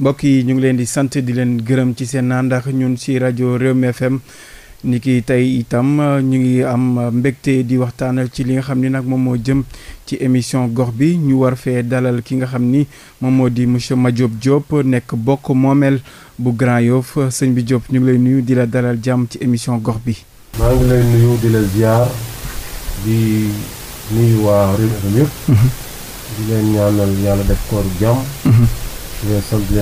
mbokk yi ñu ngi leen di sant di leen gërëm ci seen ndax ñun ci rajo Rewmi FM ni ki tey itam ñu ngi am mbégte di waxtaan ci li nga xam ni nag moom moo jëm ci émission gox bi ñu war fee dalal ki nga xam ni moom moo di monsieur Madiop Diop nekk bokk moomeel bu Grand Yoff sëñ bi Diop ñu ngi lay nuyu di la dalal jàmm ci émission gox bi. maa ngi mhm. def koor jàmm. Mhm. di leen sant bi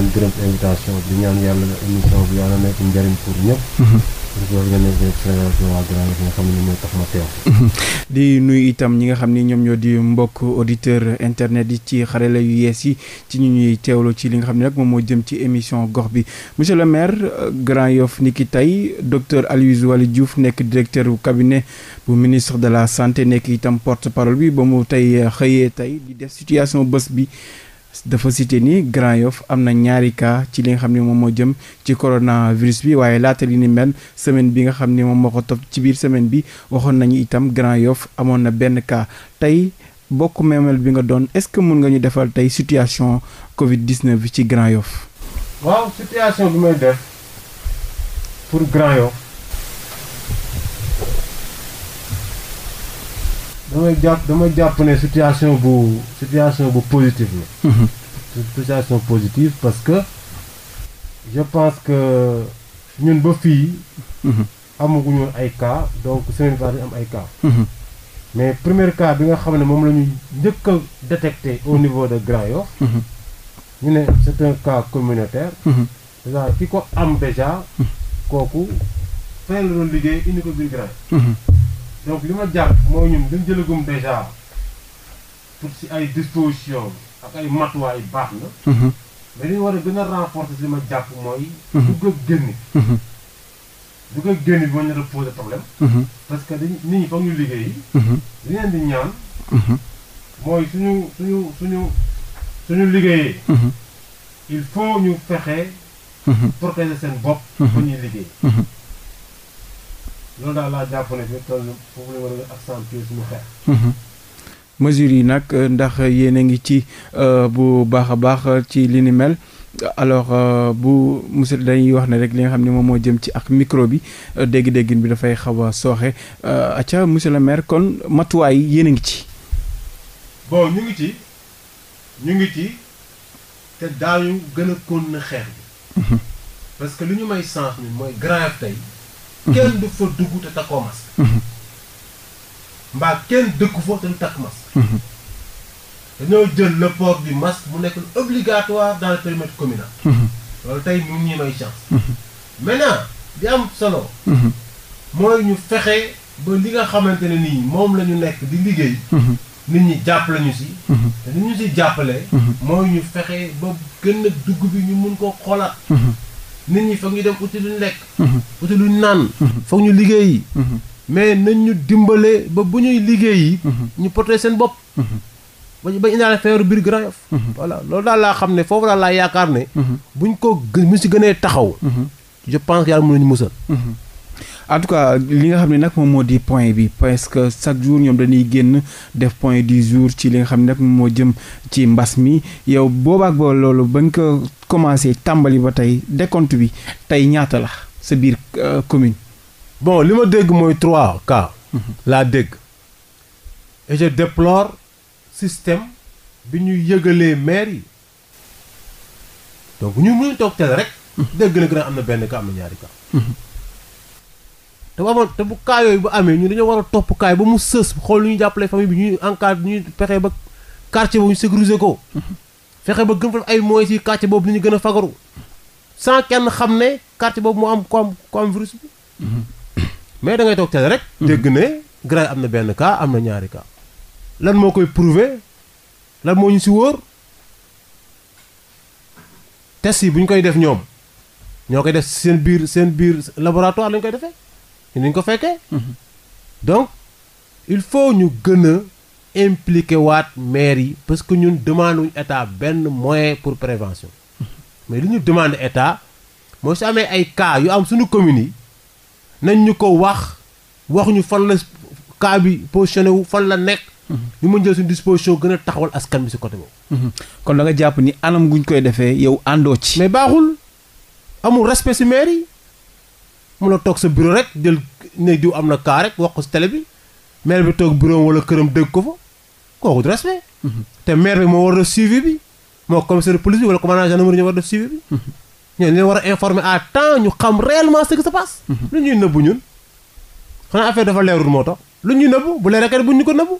ñaan yàlla émission bi yàlla nekk njëriñ pour ñëpp. Mhm. Mhm. di nuyu itam ñi nga xam ni ñoom ñoo di mbokk auditeur internet yi ci xarala yu yees yi ci ñu ñuy teewloo ci li nga xam ne nag moom moo jëm ci émission gox bi monsieur le maire Grand Yoff ni ki tey docteur Aloyse Waly Diouf nekk directeur bu cabinet bu ministre de la santé nekk itam porte parole bi ba mu tey xëyee tey di def situation bës bi dafa cité ni Grand Yoff am na ñaari cas ci li nga xam ne moom moo jëm ci coronavirus bi waaye laata li ni mel semaine bi nga xam ni moom moo ko topp ci biir semaine bi waxoon nañu itam Grand Yoff amoon na benn cas tey bokk meemel bi nga doon est-ce que mun nga ñu defal tey situation Covid 19 bi ci Grand Yoff. waaw situation bi may def pour Grand Yoff damay jàpp damay jàpp ne situation bu situation bu positive la. Mhm. situation positive parce que je pense que ñun ba fii. Mhm. amaguñu woon ay cas donc semaine bi am ay cas. Mhm. mais première cas bi nga xam ne moom la ñuy njëkk a détecté au niveau de Grand Yoff. ñu ne c'est un cas communautaire. déjà ko am déjà. kooku fayal la doon liggéey indi ko biir Grand Yoff. donc li ma jàpp mooy ñu dañ jëlagum déjà pour si ay disposition ak ay matuwaay baax na mhm. mais li war a gën a renforcer li ma jàpp mooy mhm. dugg ak génn mhm. dugg ak génn bi ma nar a posé problème parce que dañ nit foog ñu liggéey li leen di ñaan mooy suñu suñu suñu suñu liggéeyee il faut ñu fexe protéger seen bopp ba ñuy liggéey loolu daal laa mhm. yi nag ndax yéen a ngi ci euh, bu baax a baax ci li ni mel alors euh, bu monsieur dañuy wax ne rek li nga xam ne moom moo jëm ci ak micro bi euh, dégg-déggin bi dafay xaw a sooxe acca monsieur le maire kon matuwaay yéen a ngi ci. bon ñu ngi ci ñu ngi ci te daañu gën a kon na xeex bi. Mhm. parce que li ñu may sens mi mooy grave tey. Mhm. kenn du fa dugg te takkoo mas mhm. mbaa kenn dëkku fa te takk mas mhm. dañoo jël le bi du masque mu nekk obligatoire dans le périmètre communal. loolu tey ñu ñuy may chance. maintenant di am solo. mooy ñu fexe ba li nga xamante ne nii moom lañu nekk di liggéey. nit ñi jàpp lañu si. te nit ñu si jàppale. mooy ñu fexe ba gën a dugg bi ñu mun ko xoolaat. nit ñi foog ñu dem uti luñ lekk. Mhm. uti luñ naan. Mhm. foog ñu liggéeyi. Mhm. mais nañ ñu dimbale ba bu ñuy liggéeyi. ñu porté seen bopp. ba ba indaale feebaru biir Grand Yoff voilà loolu daal laa xam ne foofu daal laa yaakaar ne. buñ ko buñ si gënee taxaw. je pense yàlla mën nañu musal. en tout cas li nga xam ne nag moom moo di point bi parce que chaque jour ñoom dañuy génn def point du jour ci li nga xam ne nag moo jëm ci mbas mi yow boobaak ba loolu ba nga ko commencé tàmbali ba tey décompte bi tey ñaata la sa biir euh, commune. bon li ma dégg mooy trois cas. Mhm. laa dégg. et je système bi ñuy yëgalee maire yi donc ñu toog teel rek. Mhm. dégg na gën a am na benn cas am na ñaari cas. Mhm. te bu amoon te bu cas yooyu bu amee ñu dañoo war a topp kaay ba mu sës xool lu ñu jàppale famille bi ñuy encadre ñu fexe ba quartier ba ñu sécuriser ko. fexe ba gën fa def ay moyens yi quartier boobu ni ñu gën a fagaru sans kenn xam ne quartier boobu mu am ko am ko am virus bi. mais da ngay toog rek. dégg ne Graal am na benn kaa am na ñaari kaa lan moo koy prouver lan moo ñu si wóor test yi bu ñu koy def ñoom ñoo koy def seen biir seen biir laboratoire lañ koy defee. dinañ ko fekkee. Mhm. donc il faut ñu gën a impliqué waat maire yi parce que ñun demande wuñ état benn moyen pour prévention mhm. mais lu ñu demande état moo si amee ay cas yu am suñu communes yi nañ ñu ko wax waxuñu ñu fan la cas bi positionné wu fan la nekk. Mhm. ñu ma jël suñu disposition gën a taxawal askan bi si côté boobu. kon da nga jàpp ni anam guñ koy defee yow àndoo ci. mais baaxul amul respect si maire yi. mun a toog sa bureau rek jël ne diw am na kaa rek wax ko si bi maire bi toog bureau wala këram dégg ko fa kooku du mhm. te maire bi moo war def suivi bi moo commissaire de wala commandant gendarmerie ñu war def suivi bi. Mhm. ñooñu leen a informer à temps ñu xam réellement ce qui se passe. Mhm. lu ñuy nëbbu ñun xanaa affaire dafa leerul moo tax lu ñuy nëbbu bu leeree kat bu ñu ko nëbbu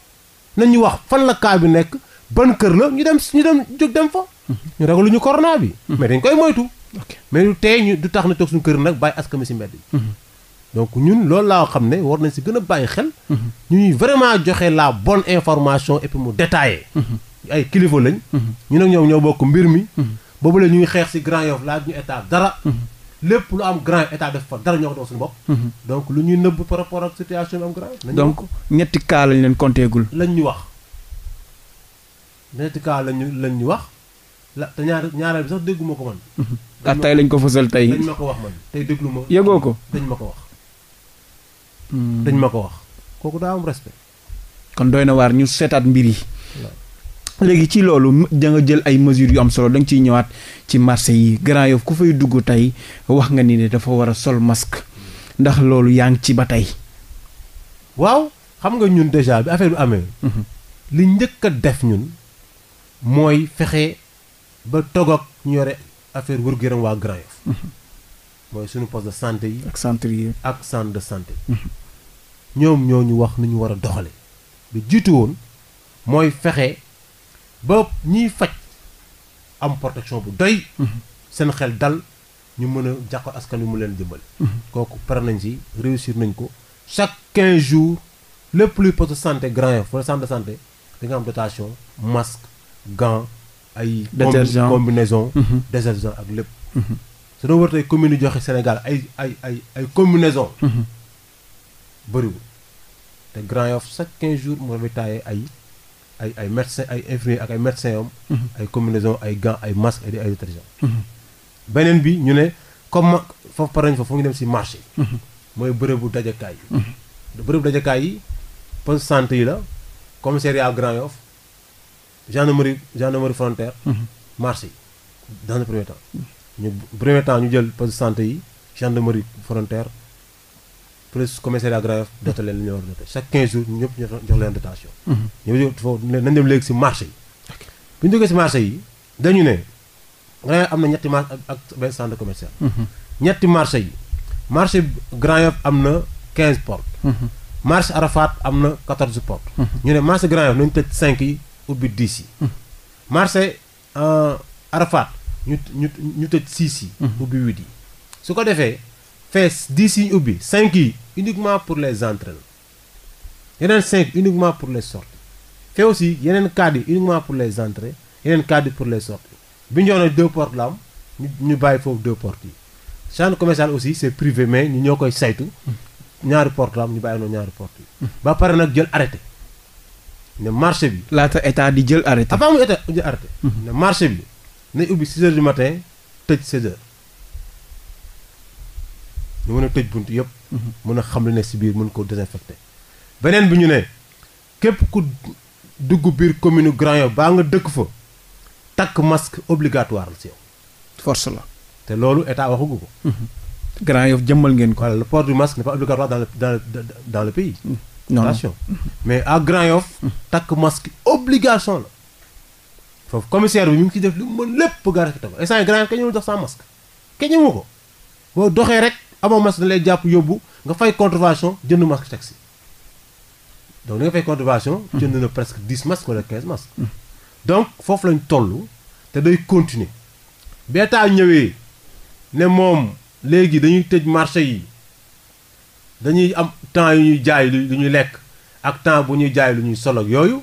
nañ ñu wax fan la kaa bi nekk ban kër la ñu dem ñu dem jóg dem fa. ñu ragaluñu corona bi. mais dañ koy moytu. mais lu tey ñu du tax na toog suñu kër nag bàyyi askan wi si mbedd bi mhm. donc ñun loolu laa xam ne war nañ si gën a bàyyi xel ñu mhm. ñuy vraiment joxe la bonne information et puis mu détaillé mhm. ay kilifa lañ ñu nag ñoom ñoo bokk mbir mi boobu la ñuy xeex si Grand Yoff laa ñu état dara lépp lu am Grand Yoff état def fa dara ñoo ko doon suñu bopp donc lu ñuy nëbb par rapport ak situation bi am Grand Yoff donc ñetti kaala lañ leen comptéegul lañ ñu wax ñetti cas lañu lañ ñu wax la ñaar ñaareel bi dégguma ko man ah tey lañ ko fësal tey. dañ ma ko wax man tey déglu ma. yëgoo ko dañ ma ko wax. Hmm. dañ ma ko wax kooku daa am respect. kon doy na waar ñu seetaat mbir yi. léegi ci loolu da jël ay mesures yu am solo da nga ciy ñëwaat ci marché yi Grand Yoff ku fay dugg tey wax nga ni ne dafa war a sol masque ndax loolu yaa ngi ci ba tey. waaw xam nga ñun déjà bi affaire bi amee. Mhm. li njëkk def ñun mooy fexe ba togoog ñu yore. affaire wér-gu-yaram waa Grand Yoff mhm. mooy suñu poste de santé yi. ak centre yi ak centre de santé. Mhm. ñoom ñoo ñu wax nu ñu war a doxale bi jiitu woon mooy fexe ba ñiy faj am protection bu doy. Mhm. seen xel dal ñu mën a jàkkaarloo askan wi mu leen dimbali. kooku pare nañ si réussir nañ ko chaque quinze jours lépp luy poste de santé Grand Yoff wala centre de santé da am dotation masque gant. ay. détergent combinaison. Mhm. détergent ak lépp. Mhm. su doon war tey commune joxe Sénégal ay ay ay ay combinaison. Mhm. bëriwul te Grand Yoff chaque 15 jours mu ravitaillé ay ay ay médecin ay infirmier ak ay médecin yom ay combinaison ay gants ay masques ay détergent. beneen bi ñu ne comme foofu pare nañ fa foofu ñu dem si marché. mooy bërëbu dajakaay yi. bërëbu dajakaay yi poste santé yi la commissariat Grand Yoff gendarmerie gendarmerie frontière. Mhm. marché yi dans le premier temps. ñu premier ñu jël poste santé yi gendarmerie frontière plus commissariat grave mhm. doté leen li ñu war a doté chaque 15 jours ñëpp ñoo jox leen dotation. Mhm. ñooñu foofu nañ dem léegi si marché yi. bu ñu jógee si marché yi dañu ne Grand Yoff am na ñetti marché ak benn centre commercial. ñetti marché yi marché Grand Yoff am na quinze portes. marché Arafat am na 14 portes. ñu ne marché Grand yi. ubbi dix yi. marché euh, Arafat ñu ñu ñu tëj six yi. Mhm. ubbi huit yi su ko defee fees dix yi ubbi cinq yi uniquement pour les la yeneen cinq uniquement pour les sorties fee aussi yeneen cadre yi uniquement pour les entrées yeneen cadre pour les sorties bi ñu deux portes la am ñu bàyyi foofu deux portes yi. chambre commerciale aussi c' est privé mais ñu ñoo koy saytu mhm. ñaari portes la ñu bàyyi noonu ñaari portes yi. Mhm. ba pare nag jël arrêté. ne marché bi. laata état di jël arrêté. avant mu état jël arrêté. Mhm. ne marché bi nañ ubbi 6 heures du matin tëj 16 heures ñu mën a tëj bunt yëpp. Mhm. mën a xam lu ne si biir mën ko désinfecté. beneen bi ñu ne képp ku dugg biir commune Grand Yoff baa nga dëkk fa takk masque obligatoire la si yow. force la. te loolu état waxagu ko. Mhm. Grand Yoff jëmmal ngeen ko. le port du masque n'est pas obligatoire dans dans le dans le pays. non attention mais à Grand Yoff takk masque obligation la foofu commissaire bi ñu ngi ci def li mu mën lépp pour garder ko instant Grand Yoff kenn ñëwul dox sans masque kenn ñëwu ko boo doxee rek amoo masque da lay jàpp yóbbu nga fay contravention jënd masque taxi donc li nga fay contravention jënd na presque dis masques wala quinze masques donc foofu lañ toll te day continuer beetaa ñëwee ne moom léegi dañuy tëj marché yi dañuy am temps yu ñuy jaay lu ñuy lekk ak temps bu ñuy jaay lu ñuy solo ak yooyu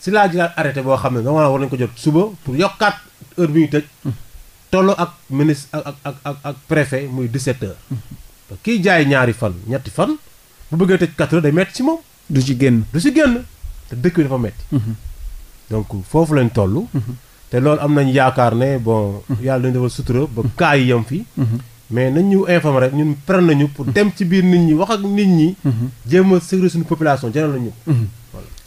si laa jëlaat arrêté boo xam ne da war nañ ko jot suba pour yokkaat heure bu ñu tëj hmm. tolloo ak ministre ak ak ak ak préfet muy 17 heures hmm. kiy jaay ñaari fan ñetti fan bu bëggee tëj 4 heures day metti ci moom du ci génn du ci génn te dëkk bi dafa metti hmm. donc foofu lañ toll te loolu am nañ yaakaar ne bon yàlla dañu defal sutura ba kaa yi yem fii mais nañ ñu informer rek ñun pare nañu pour mhm. dem ci biir nit ñi wax ak nit ñi. Mhm. jéem a sécuriser suñu population jaral nañu mhm.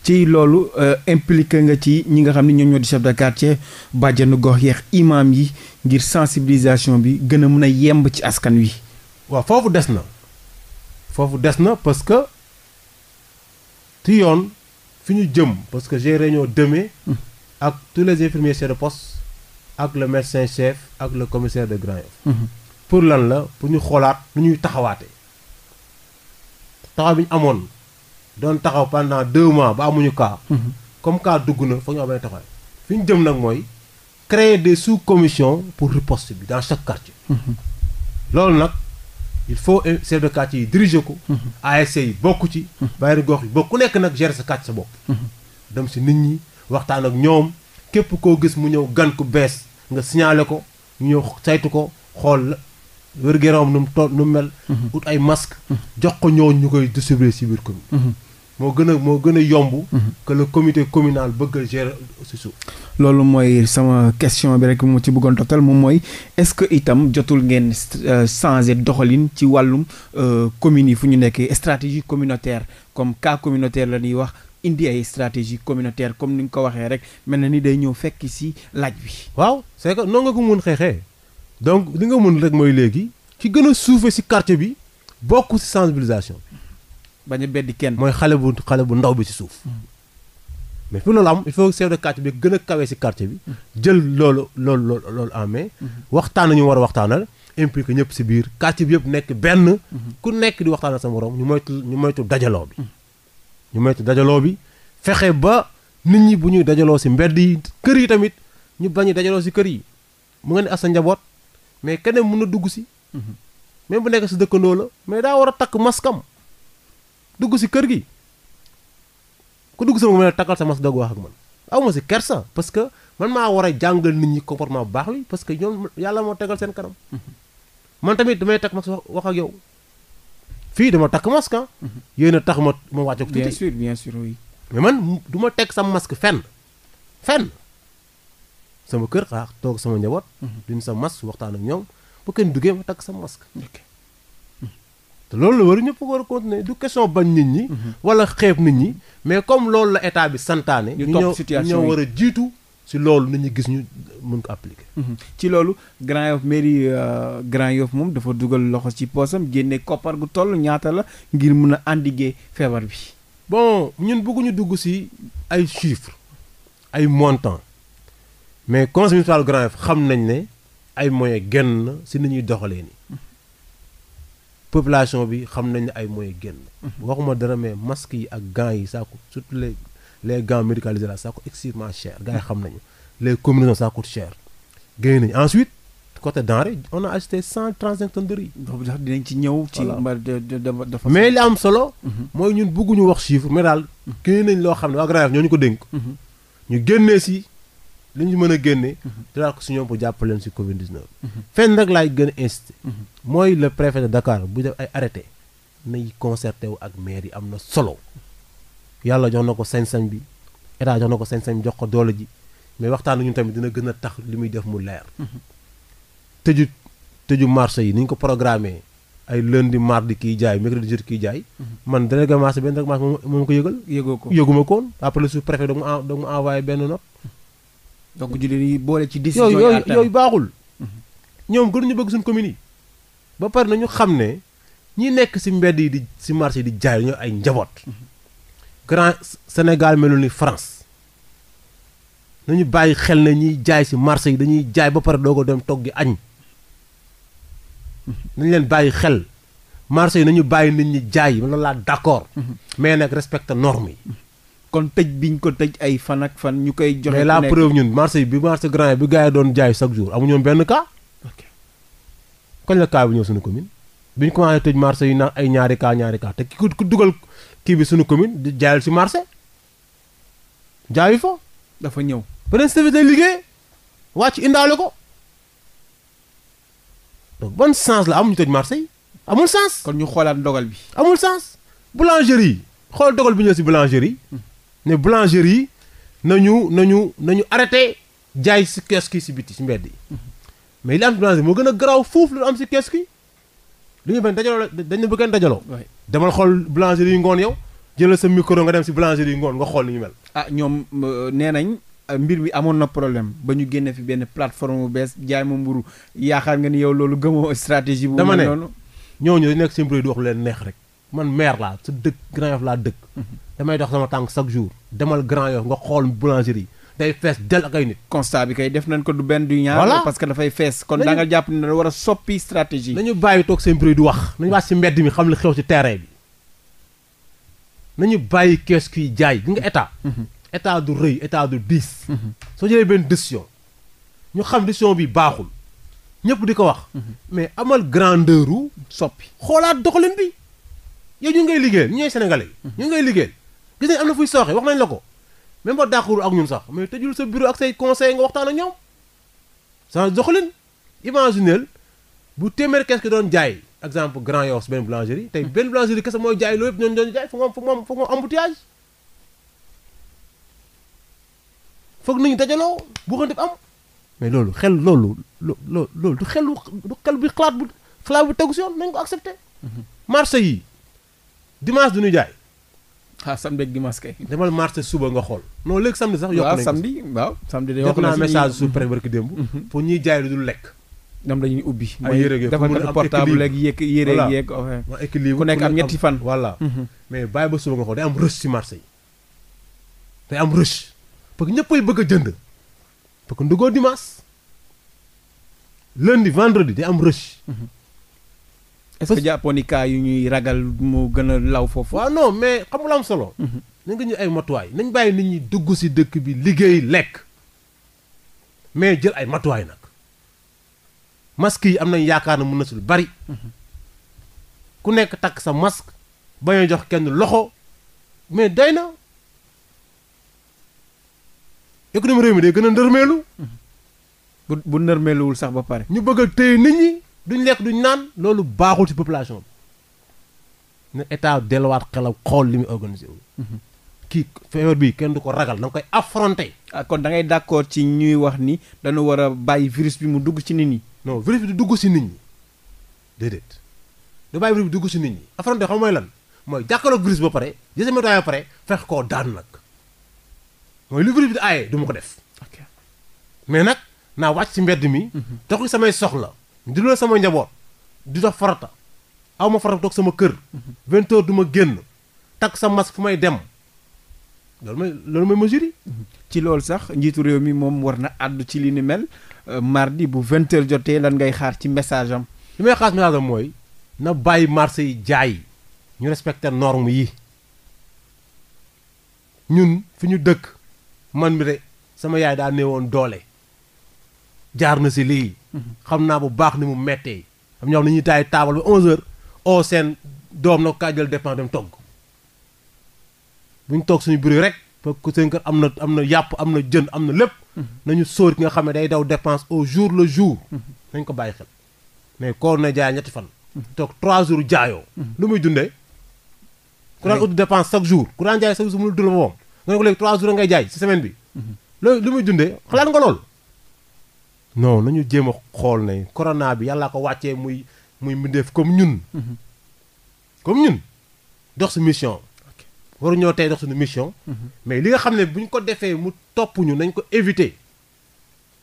ci loolu euh, impliqué nga ci ñi nga xam ne ñoom ñoo di chef de quartier bàjjanu gox yeex imaam yi ngir sensibilisation bi gën a mën a yemb ci askan wi. waaw foofu des na foofu des na parce que ci yoon fi ñu jëm parce que j'ai réunion demain ak tous les infirmiers chefs de post ak le médecin chef ak le commissaire de Grand pour lan la pour ñu xoolaat lu ñuy taxawaate taxaw bi ñu amoon doon taxaw pendant deux mois ba amuñu kaa mhm. comme cas dugg na foog ñu amee taxawaay fi ñu jëm nag mooy créer des sous commissions pour riposte bi dans chaque quartier. Mhm. loolu nag il faut chef de quartier yi diriger ko. Mhm. ASC yi bokk ci. bàyyi gox yi bokk ku nekk nag gérer sa quartier sa bopp. dem si nit ñi waxtaan ak ñoom képp koo gis mu ñëw gan ku bees nga signalé ko ñu ñëw saytu ko xool wér gu nu mu toll nu mu mel. Mhm. ut ay masque mhm. jox ko ñooñu ñu koy distribuer ci biir commune. Mhm. moo gën a moo gën a yomb. que le comité communal bëgg a si suuf. loolu mooy sama question bi rek mu ci bëggoon toftal moom mooy est-ce que itam jotul ngeen euh, changer doxalin ci wàllum euh, communes yi fu ñu nekkee stratégie communautaire comme cas communautaire la ñuy wax indi ay stratégie communautaire comme ni nga ko waxee rek mel na ni day ñëw fekk si laaj bi. waaw c'est que nga ko mun donc li nga mën rek mooy léegi ki gën a suufe si quartier bi bokk si sensibilisation bañ a beddi kenn. mooy xale bu xale bu ndaw bi ci suuf. mais pour loolu am il faut chef de quartier bi gën a kawee si quartier bi. jël loolu loolu loolu loolu en mai. waxtaan ñu war a waxtaanal. impliqué ñëpp si biir quartier bi yëpp nekk benn. ku nekk di waxtaanal sa moroom ñu moytu ñu moytu dajaloo bi. ñu moytu dajaloo bi fexe ba nit ñi bu ñuy dajaloo si mbedd yi kër yi tamit ñu bañ a dajaloo si kër yi mu nga ne as njaboot. mais keneen mun na dugg si. Mhm. même bu nekk si dëkkandoo la mais daa war a takk maskam dugg si kër gi ku dugg si ma mën a takkal wax ak man aw ma si kersa parce que man maa war a jàngal nit ñi comportement bu baax li parce que ñoom yàlla moo tegal seen kanam. Mhm. man tamit damay takk masque wax ak yow fii dama takk masque ah. Mhm. yéen a tax ma ma wàcc ak tuuti. bien mais man duma teg sa masque fenn fenn. sama kër xaar toog sama njaboot. Mhm. duñ sa masque waxtaan ak ñoom bu kenn duggee ma takk sa masque. Mhm. te loolu la war ñëpp war a continuer du question bañ nit ñi. Mhm. wala xeeb nit ñi mais comme loolu la état bi santaane. ñu topp situation ñoo war a jiitu. si loolu nañu gis ñu mën ko appliquer. ci loolu Grand Yoff mairie euh, Grand Yoff moom dafa dugal loxo ci poosam génne koppar gu toll ñaata la ngir mun a endiguer feebar bi. bon ñun bëgguñu dugg si ay chiffres ay montants. mais conseil municipal Grand Yoff xam nañ ne ay moyens génn na si ni ñuy doxalee nii population bi xam nañ ne ay moyens génn. Mhm. waxuma dara mais masques yi ak gants yi ça coûte surtout les les gants médicalisés là ça coûte extrêmement cher yi mhm. xam nañu les combinaisons ça coûte cher génn nañu ensuite. côté denrée on a acheté cent trente cinq tonnes de dinañ ci ñëw. ci mbar dafa. mais li am solo. Mhm. mooy ñun bëgguñu wax chiffre mais daal. génne nañ loo xam ne waa Grand Yoff ñoo ñu ko dénk. ñu génnee si li ñu mën a génne. dinaa ko si ñoom bu jàppale leen si Covid 19. fenn rek laay gën a incité. mooy le préfet de Dakar bu def ay arrêté nay concerté wu ak mair yi am na solo. yàlla jox na ko sañ bi état jox na ko sañ-sañ jox ko doole ji mais waxtaan ñu tamit dina gën a tax li muy def mu leer. tëju tëju marché yi ni ko programmé ay lundi mardi kiy jaay mercredi jeudi jaay. man délégué marché benn ma marché moom ko yëgal. yëgoo ko yëguma koon après le sous préfet da mu envoyé benn note. donc ñu leen boole ci décision yooyu yooyu baaxul. Mhm. ñoom gënuñu bëgg suñu communes yi. ba pare nañu xam ne ñi nekk si mbedd yi di si marché di jaay ñoo ay njaboot. Mhm. grand Sénégal melul ni France nañu bàyyi xel ne ñiy jaay si marché yi dañuy jaay ba pare doo ko dem togg di añ. Mhm. nañ leen bàyyi xel marché yi nañu bàyyi nit ñi jaay loolu laa d'accord. mais nag respecte norme yi. kon tëj biñ ko tëj ay fan ak fan ñu koy. joxe mais la preuve ñun marché bi marché grand bi gars yi doon jaay chaque jour amuñu woon benn kaa ok kañ la cas bi ñëw suñu commune bi ñu commencé tëj marché yi naan ay ñaari cas ñaari cas te ku ku dugal kii bi suñu commune di jaayal si marché jaayu fa. dafa ñëw beneen service lay liggéey wàcc indaale ko donc bon sens la am ñu tëj marché yi amul sens. kon ñu xoolaat dogal bi. amul sens boulangerie xool ndogal bi ñëw si boulangerie. Hmm. ne boulangerie nañu nañu nañu arrêté jaay si kiosque yi si biti si mbedd yi mais li am si boulangerie moo gën a garaaw foofu lu am si kiosque yi li ñu bañ dajaloo dañ ne bëggeen demal xool boulangerie yi ngoon yow jëlal sa micro nga dem si boulangerie yi ngoon nga xool ni ñu mel ah ñoom euh, nee nañ euh, mbir mi amoon na problème ba ñu génnee fi benn plateforme bu bees jaay mu mburu yaakaar nga ni yow loolu gëmoo stratégie bu ma ne noonu ñooñu dañ nekk seen mbir di wax lu leen neex rek man maire laa sa dëkk Grand Yoff laa dëkk mhm. damay dox sama tànk chaque jour demal Grand Yoff nga xool boulangerie day fees del ak ay nit. constat bi kay def nañ ko du benn du ñaar. voilà parce que dafay fees kon da nga jàpp ne war a soppi stratégie. nañu bàyyi toog seen bruit du wax nañu wax si mbedd mi xam li xew ci terrain bi nañu bàyyi kees kuy jaay gi nga état. Mhm. état du rëy état du diis. Mhm. soo jëlee benn décision ñu xam décision bi baaxul ñëpp di ko wax. Mhm. mais amal grandeur u soppi. xoolaat doxalin bi yow ñu ngay liggéey ñu ñooy sénégalais. ñu ngay liggéeyal. gis am na fuy sooxe wax nañ la ko même ba dàqul ak ñun sax mais tëjul sa bureau ak say conseil nga waxtaan ak ñoom sans doxalin imaginel bu téeméer kees ki doon jaay exemple Grand Yoff benn yi tey benn boulangerie kese mooy jaay loolu yëpp ñooñu doon jaay foog nga foog foog nga embouteillage foog nit ñi dajaloo bu ko def am mais loolu xel loolu loo loolu du xel du xel bu xalaat bu xalaat bu tegu si yoon nañ ko accepté mhm. marché yi dimanche du ñu jaay. ah samedi ak dimanche kay. demal marché suba nga xool. non léegi samedi sax yokk nañ ko samedi waaw samedi dañoo wax naa message su pré mhm. barki démb. Mhm. pour ñuy jaay lu dul lekk. ñoom dañuy ubbi. ay yére yëpp dafa am portable nekk am ñetti fan. voilà mhm. mais bàyyi ba suba nga xool day am rush ci marché yi. day am rush. parce que ñëppay bëgg a jënd. parce que ndugoo dimanche. vendredi day am rush. est-ce yu ñuy ragal mu gën a law foofu. waaw non mais xam nga am solo. Mhm. nañ nga ñu ay matuwaay nañ bàyyi nit ñi dugg si dëkk bi liggéey lekk mais jël ay matuwaay nag masque yi am nañ yaakaar na mun na si lu bari. Mhm. ku nekk takk sa masque ba a jox kenn loxo mais day na économie réew mi day gën a ndërmeelu. Mhm. bu bu ndërmeeluwul sax ba pare. ñu bëgg a téye nit ñi. duñ lekk duñ naan loolu baaxul ci population bi ne état delluwaat xelam xool li muy organisé wu. Mhm. kii feebar bi kenn du ko ragal da nga koy affronté. Ah, kon da ngay d' accord ci ñuy wax ni dañu war a bàyyi virus bi mu dugg ci nit ñi. non virus bi du dugg ci nit ñi déedéet du dugg ci nit ñi affronté xam mooy lan mooy jàkkaarloog virus boo pare jël sa matuwaay ba pare fex koo daan nag mooy lu virus bi di aaye du ma ko def. mais nag naa wàcc ci mbedd mi. Mhm. doxi samay soxla. dundal sama njaboot du dox farata aw ma farata toog sama kër. vingt duma génn takk sa masque fu may dem loolu mooy loolu mooy mesure ci loolu sax njiitu réew mi moom war na àddu ci li ni mel euh, mardi bu vingt heures jotee lan ngay xaar ci message am. li may xaar message mooy na bàyyi marché yi jaay ñu respecter norme yi ñun fi ñu dëkk man mi de sama yaay daa néewoon doole. jaar na si lii. Mhm. xam naa bu baax ni mu mettee am ñoo xam ne ñuy taay taabal ba 11h oo seen doom nag kaa jël dépense dem togg bu ñu toog suñu bureau rek parce que seen kër am na am na yàpp am na jën am na lépp. Mhm. nañu sóor ki nga xam ne day daw dépense au jour le jour. Mhm. nañ ko bàyyi xel mais koo na jaay ñetti fan. toog trois jours jaayoo. lu muy dundee. ku daan ut dépense chaque jour ku daan jaay chaque jour mënul dund ba moom nga ne ko léegi 3 jours ngay jaay si semaine bi. loolu lu muy dundee xalaat nga lool. non nañu jéem a xool ne corona bi yàllaa ko wàccee muy muy def comme ñun. Mhm. comme ñun dox si mission. waru ñoo tey dox suñu mission. Mhm. mais li nga xam ne bu ñu ko defee mu topp nañ ko éviter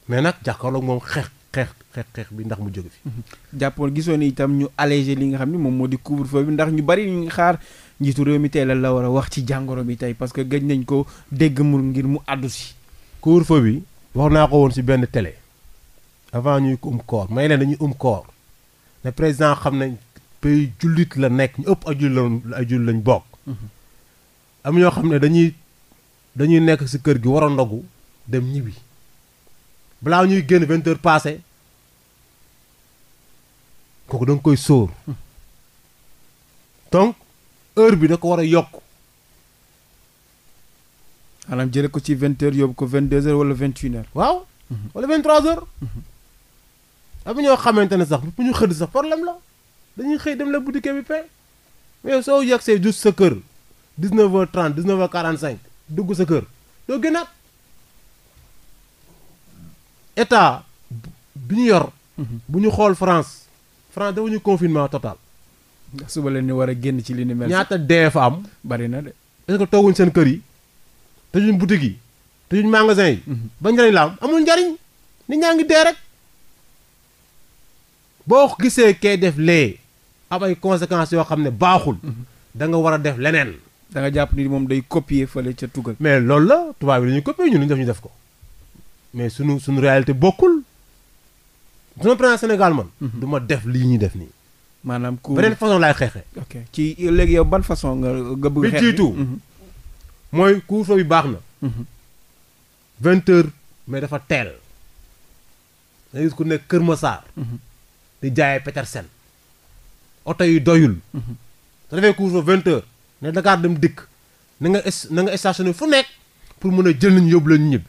mais nag jàkkaarloog moom xeex xeex xeex xeex bi ndax mu jóge fi. Mhm. jàppoon gisoo ni itam ñu allégé li nga xam ne moom moo di couvre-feu bi ndax ñu bari ñu xaar njiitu réew mi tey lan la war a wax ci jàngoro bi tey parce que gëj nañ ko dégg mu ngir mu àddu si. couvre-feu bi wax naa ko woon si benn télé. avant ñuy um koor may ne dañuy um koor ne président xam nañ pays jullit la nekk ñu ëpp ay jullit la ay jullit lañ bokk. Mhm. am ñoo xam ne dañuy dañuy nekk si kër gi war a ndogu dem ñibbi balaa ñuy génn vingt heures passé kooku da koy sóor mhm. donc heure bi da ko war a yokk. maanaam jële ko ci vingt heures yóbbu ko vingt deux heures wala vingt waaw mhm. trois heures. am ñoo xamante ne sax bu ñu xëdd sax problème la dañuy xëy dem la boutique bi pay mais soo yegg see juste sa kër 19 trent 30 19h45 dugg sa kër doo gënaat état bi ñu yor. bu ñu xool France France defuñu confinement total. ndax suba leen ni war a génn ci li ni mel. ñaata dee fa am. bari na de est que tooguñ seen kër yi tëjuñ boutique yi tëjuñ magasin yi. Mhm. bañ njëriñ la am amul njariñ nit ñaa ngi dee rek. boo gisee kay def lee am ay conséquences yoo xam ne baaxul. danga war a def leneen. da nga jàpp ni moom day copier fële ca tugal. mais loolu la tubaab yi dañuy copier ñun ñu def ñu def ko mais sunu sunu réalité bokkul sunu président Sénégal man. Mhm. du def lii ñuy def nii. maanaam ku beneen façon laay xeexee. ok ci léegi yow ban façon nga nga bëgg. xeex bi mhm. mooy couvre-feu baax na. Mhm. vingt mais dafa teel. da gis ku nekk Kër Massar. di jaay Petersen oto yi doyul. su defee couvre-feu vingt heures ne Dakar dem dikk na nga na nga stationné fu nekk pour mën a jël nañu yóbbu la ñu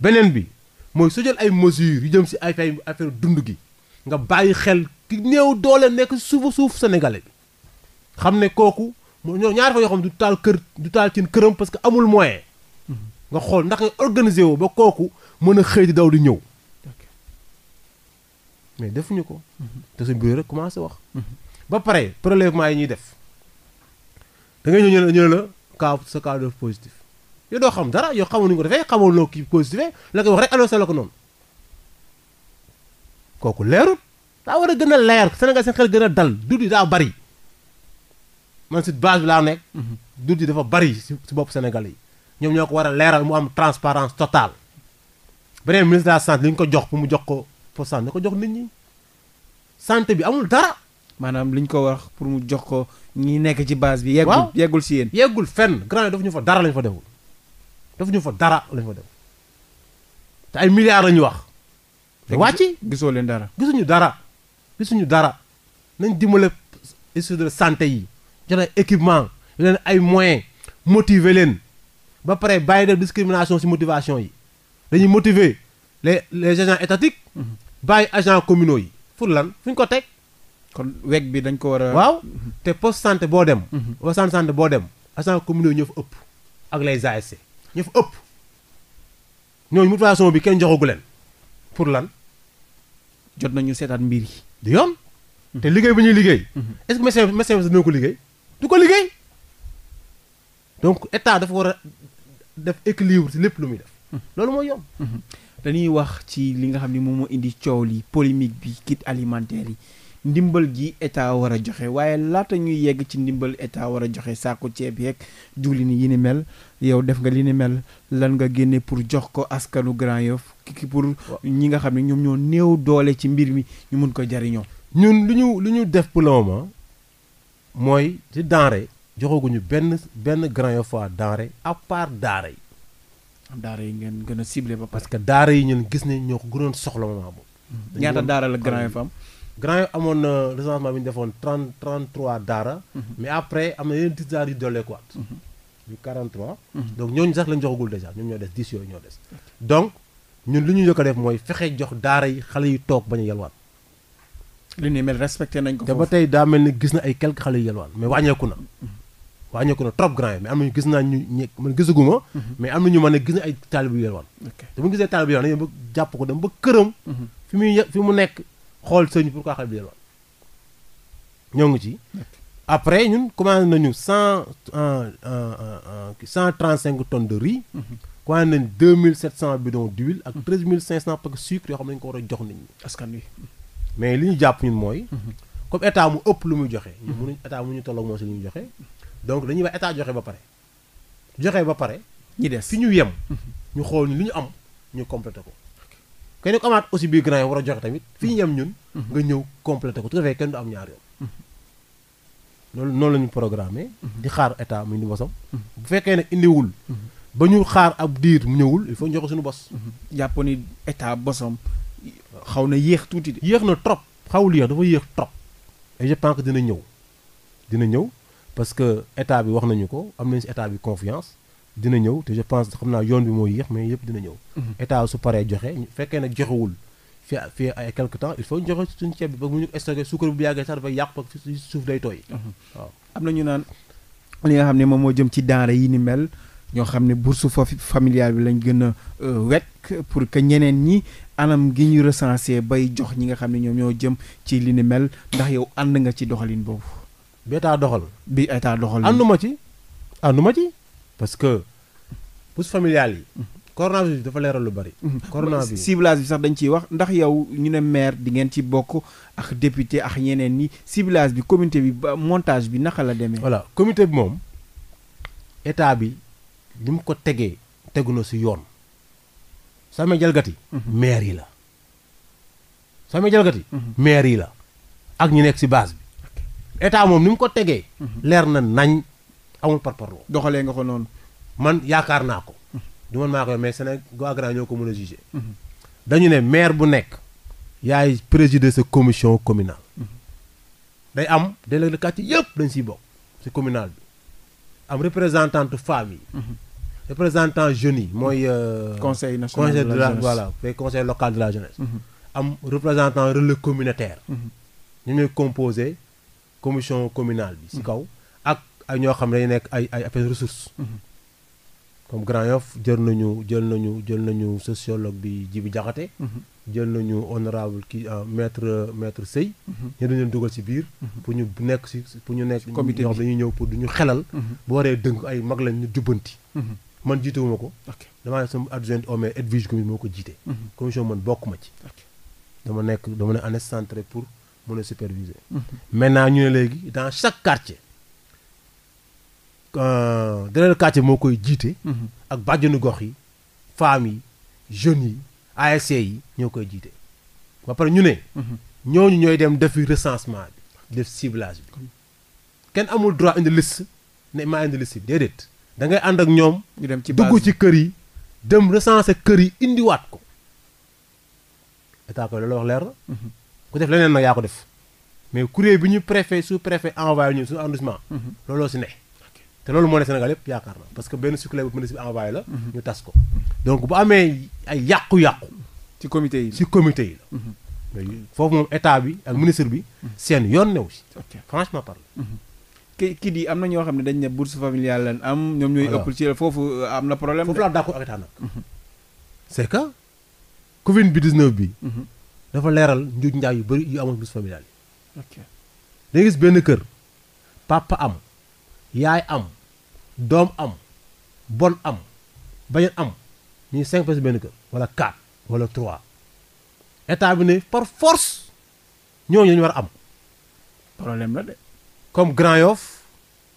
beneen bi mooy soo jël ay mesures yu jëm si ay ay affaire dund gi nga bàyyi xel ki néew doole nekk suufu suuf sénégalais bi xam ne kooku moo ñoo ñaari fa yoo xam du taal kër du taal cin këram parce que amul moyen. Mhm. nga xool ndax nga organiser ba kooku mën a xëy di daw di ñëw. mais defuñu ko. te suñ bureau rek commencé wax. Mhm. ba pare prélèvement yi ñuy def da ngay ñëw ñu ne la cas sa cas def positif yow doo xam dara yow xamoon nu ko defee xamoon noo kii positif la koy wax rek ko noonu kooku leerut daa war a gën a leer Sénégal seen xel gën a dal dund yi daa bari man si base bi laa nekk. Mhm. dund yi dafa bari si bopp Sénégal yi ñoom ñoo ko war a leeral mu am transparence totale beneen ministre de la li ñu ko jox pour mu jox ko. pour cent ko jox nit ñi santé bi amul dara. maanaam liñ ko wax pour mu jox ko ñi nekk ci base bi. yeggul yeggul si yéen. yeggul fenn grand dafa ñu fa dara lañ fa deful dafa ñu fa dara lañ fa deful te ay milliards lañu wax. te wàcci gisoo leen dara. gisuñu dara gisuñu dara nañ dimbale institut de santé yi joxe équipement leen ay moyens motiver leen ba pare bàyyi def discrimination si motivation yi dañuy motiver les les agents étatiques. bàyyi agent communaux yi. pour lan fu ñu ko teg. kon weg bi dañ ko war a. waaw mhm. te poste sante boo dem. Mhm. poste santé santé boo dem agents communaux yi ñoo fa ëpp. ak les ASC ñoo fa ëpp. ñooñu mutation bi kenn joxagu leen. pour lan. jot nañu seetaat mbir yi. di yoon. Mhm. te liggéey bi ñuy liggéey. est-ce que bi dina ko liggéey. du ko liggéey. donc état dafa war a def équilibre ci lépp lu muy def. loolu mooy yomb. dañuy wax ci li nga xam ni moom moo indi coow li polimique bi kit alimentaire yi ndimbal gi état war a joxe waaye laata ñuy yegg ci ndimbal état war a joxe saako ceeb yeeg diwlin yi ni mel yow def nga li ni mel lan nga génne pour jox ko askanu Grand Yoff ki pour ñi nga xam ne ñoom ñoo néew doole ci mbir mi ñu mën ko jariñoo ñun lu ñu lu ñu def pour mooy ci denrée joxaguñu benn benn Grand Yoff denrée à part denrée daara yi ngeen gën a ciblé ba parce que daara yi ñun gis ne ñoo ko gënoon soxla moment boobu. Hmm. ñaata daara la Grand Yoff am. Grand Yoff amoon na recensement bi ñu defoon trente trente trois daara. Hmm. mais après am na yeneen dix daara yu dolleekuwaat. Hmm. yu 43. donc ñooñu sax lañ joxagul déjà ñoom ñoo des 10 yooyu ñoo des. donc ñun li ñu njëkk a def mooy fexe jox daara yi xale yi toog bañ a yalwaan. li ni mel respecté nañ ko. te ba tey daa mel ni gis na ay quelques xale yu yalwaan mais wàññeeku na. wàññeeku na trop grand yi mais am nañu gis naa ñu ñe man gisaguma mhm. mais am nañu man ne gis na ay taalib yu yor wan te jàpp ko dem ba këram mhm. fi muy fi mu nekk xool sëñ pour pourquoi xale ñoo ngi ci après ñun commencer nañu cent cent trente cinq tonnes de riz mhm. commandé nañ deux mille sept cent bidons d'huile ak treize mille cinq cent paquets sucre yoo xam ne dañu ko war a jox nit ñi mais li ñu jàpp ñun mooy comme état mu ëpp lu muy joxe ñu mënuñ état mu ñu tolloog moom si li ñu joxe donc dañuy wax état joxe ba pare joxe ba pare. ñi def fi ñu yem. ñu xool ni lu ñu am ñu complété ko. kenn ku amaat aussi bi grand yi war a joxe tamit fi ñu yem ñun. nga ñëw complété ko su defee kenn du am ñaar yoon. loolu noonu la ñu di xaar état mu indi bosam. bu fekkee nag indiwul. ba ñu xaar ab diir mu ñëwul il faut ñu joxe suñu bos. jàpp ni état bosam xaw na yéex tuuti de. yéex na trop xawul yéex dafa yéex trop. et je que dina ñëw dina ñëw. parce que état bi wax nañu ko am nañu si état bi confiance dina ñëw te je pense xam naa yoon bi moo yéex mais yëpp dina ñëw. Mhm. état su paree joxe fekkee nag joxewul fi fii ay quelque temps il faut ñu ceeb bi ba mu ñu stocké bu yàggee sax dafay suuf day tooy. Mhm. am na ñu naan li nga xam ne moom moo jëm ci denrée yi ni mel. ñoo xam ne su foofu familiale bi lañ gën a euh, wekk pour que ñeneen ñi anam gi ñu recensé bay jox ñi nga xam ne ñoom ñoo jëm ci li ni mel ndax yow ànd nga ci doxalin boobu. bi état doxal. bi état doxal ànduma ci. ma ci parce que bourse familiale yi. coronavirus bi dafa leeral lu bari. Mhm. coronavirus ciblage bi sax dañ ciy wax ndax yow ñu ne maire di ngeen ci bokk ak député ak ñeneen ñi ciblage bi comité bi ba montage bi naka la demee. voilà comité bi moom état bi ni mu ko tegee tegu na si yoon. sama jalgati. Mhm. maire yi la. sama jalgati. Mhm. maire yi la ak ñu nekk si base bi. état moom ni mu ko tegee. Mhm. leer na nañ amul parparloo. doxalee nga ko noonu. man yaakaar naa ko. Mhm. du man maa koy mais Sénégal waa grand ñoo ko mën a jugé. Mhm. dañu ne maire bu nekk. yaay présider sa commission communale. day am délégué de quartier yëpp dañ siy bokk si communal bi am représentante femme yi. représentant jeunes yi mooy. Euh, conseil national conseil de la voilà conseil local de la jeunesse. am représentant relais communautaire. ñu ñuy composé commission communale bi. si mm-hmm. kaw ak ay ñoo xam ne nekk ay ay affaires ressources. Mm-hmm. comme Grand Yoff jël nañu jël nañu jël nañu sociologue bi Djibi Diakhaté. Mm-hmm. jël nañu honorable kii euh, maître maître Sey. ñu dañu leen dugal ci biir. pour ñu nekk ci pour ñu nekk. comité bi dañuy ñëw pour du ñu xelal. bu waree dënk ay mag lañ ñu jubbanti. man jiitewuma ko. ok damaa ne sama adjointe au maire Edwige Gomis moo ko jiite. commission man bokk ma ci. dama nekk dama ne en centré pour. mun a superviser. Mm-hmm. maintenant ñu ne léegi dans chaque quartier. Euh, délégué quartier moo koy jiite. Mm-hmm. ak bàjjenu gox yi femmes yi jeunes yi ASC yi ñoo koy jiite. ba pare ñu ne. Mm-hmm. ñooñu ñooy dem defi recensement bi def ciblage bi. kenn amul droit indi ne maa indi bi déedéet da ngay ànd ak ñoom. ñu dem ci dugg ci kër yi dem recenser kër yi indiwaat ko état ko loolu wax leer na. ku def leneen nag yaa ko def mais kuréel bi ñu préfet su préfet envoyé ñu suñu mhm. looloo si ne. te loolu moo ne Sénégal yëpp yaakaar na parce que benn circulaire bu ministre bi envoyé la. Mhm. ñu tas ko donc bu amee ay yàqu-yàqu. ci comité yi ci comité yi la. Mhm. foofu moom état bi ak ministre bi seen yoon new si franchement parle ki kii di am na ñoo xam ne dañ ne bourse familiale lan am ñoom ñooy ah ëpp ci foofu euh, am na problème foofu laa d'accord ak état nag que Covid bi 19 bi dafa leeral njuuj njaay yu bëri yu amoon bourses familiales yi. ok gis benn kër papa am yaay am doom am bon am bañan am ñu cinq personnes benn kër wala quatre wala trois état bi ne par force ñooñu dañu war a am. problème la de. comme Grand Yoff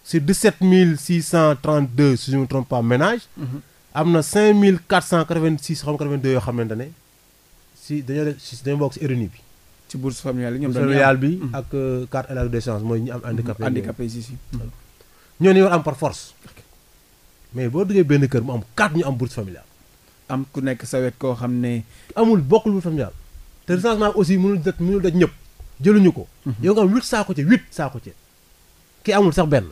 sur 17632 si je ne me trompe pas ménage. Mhm. am na 5486 xam 82 yoo xamante ne. si dañoo si dañoo bokk si RNU bi. ci bourse familiale ñoom bi mm. ak euh, carte élargie de chance mooy ñi am. Mm-hmm. handicapé handicapé si si. Mm. ñooñu war am par force. mais boo duggee benn kër mu am quatre ñu am bourse familiale. am ku nekk sa wet koo xam ne. amul bokkul sa familiale. te recensement aussi mënul daj mënul daj ñëpp. jëluñu ko. Mm-hmm. yow nga am huit saako ci huit saako ci. kii amul sax benn.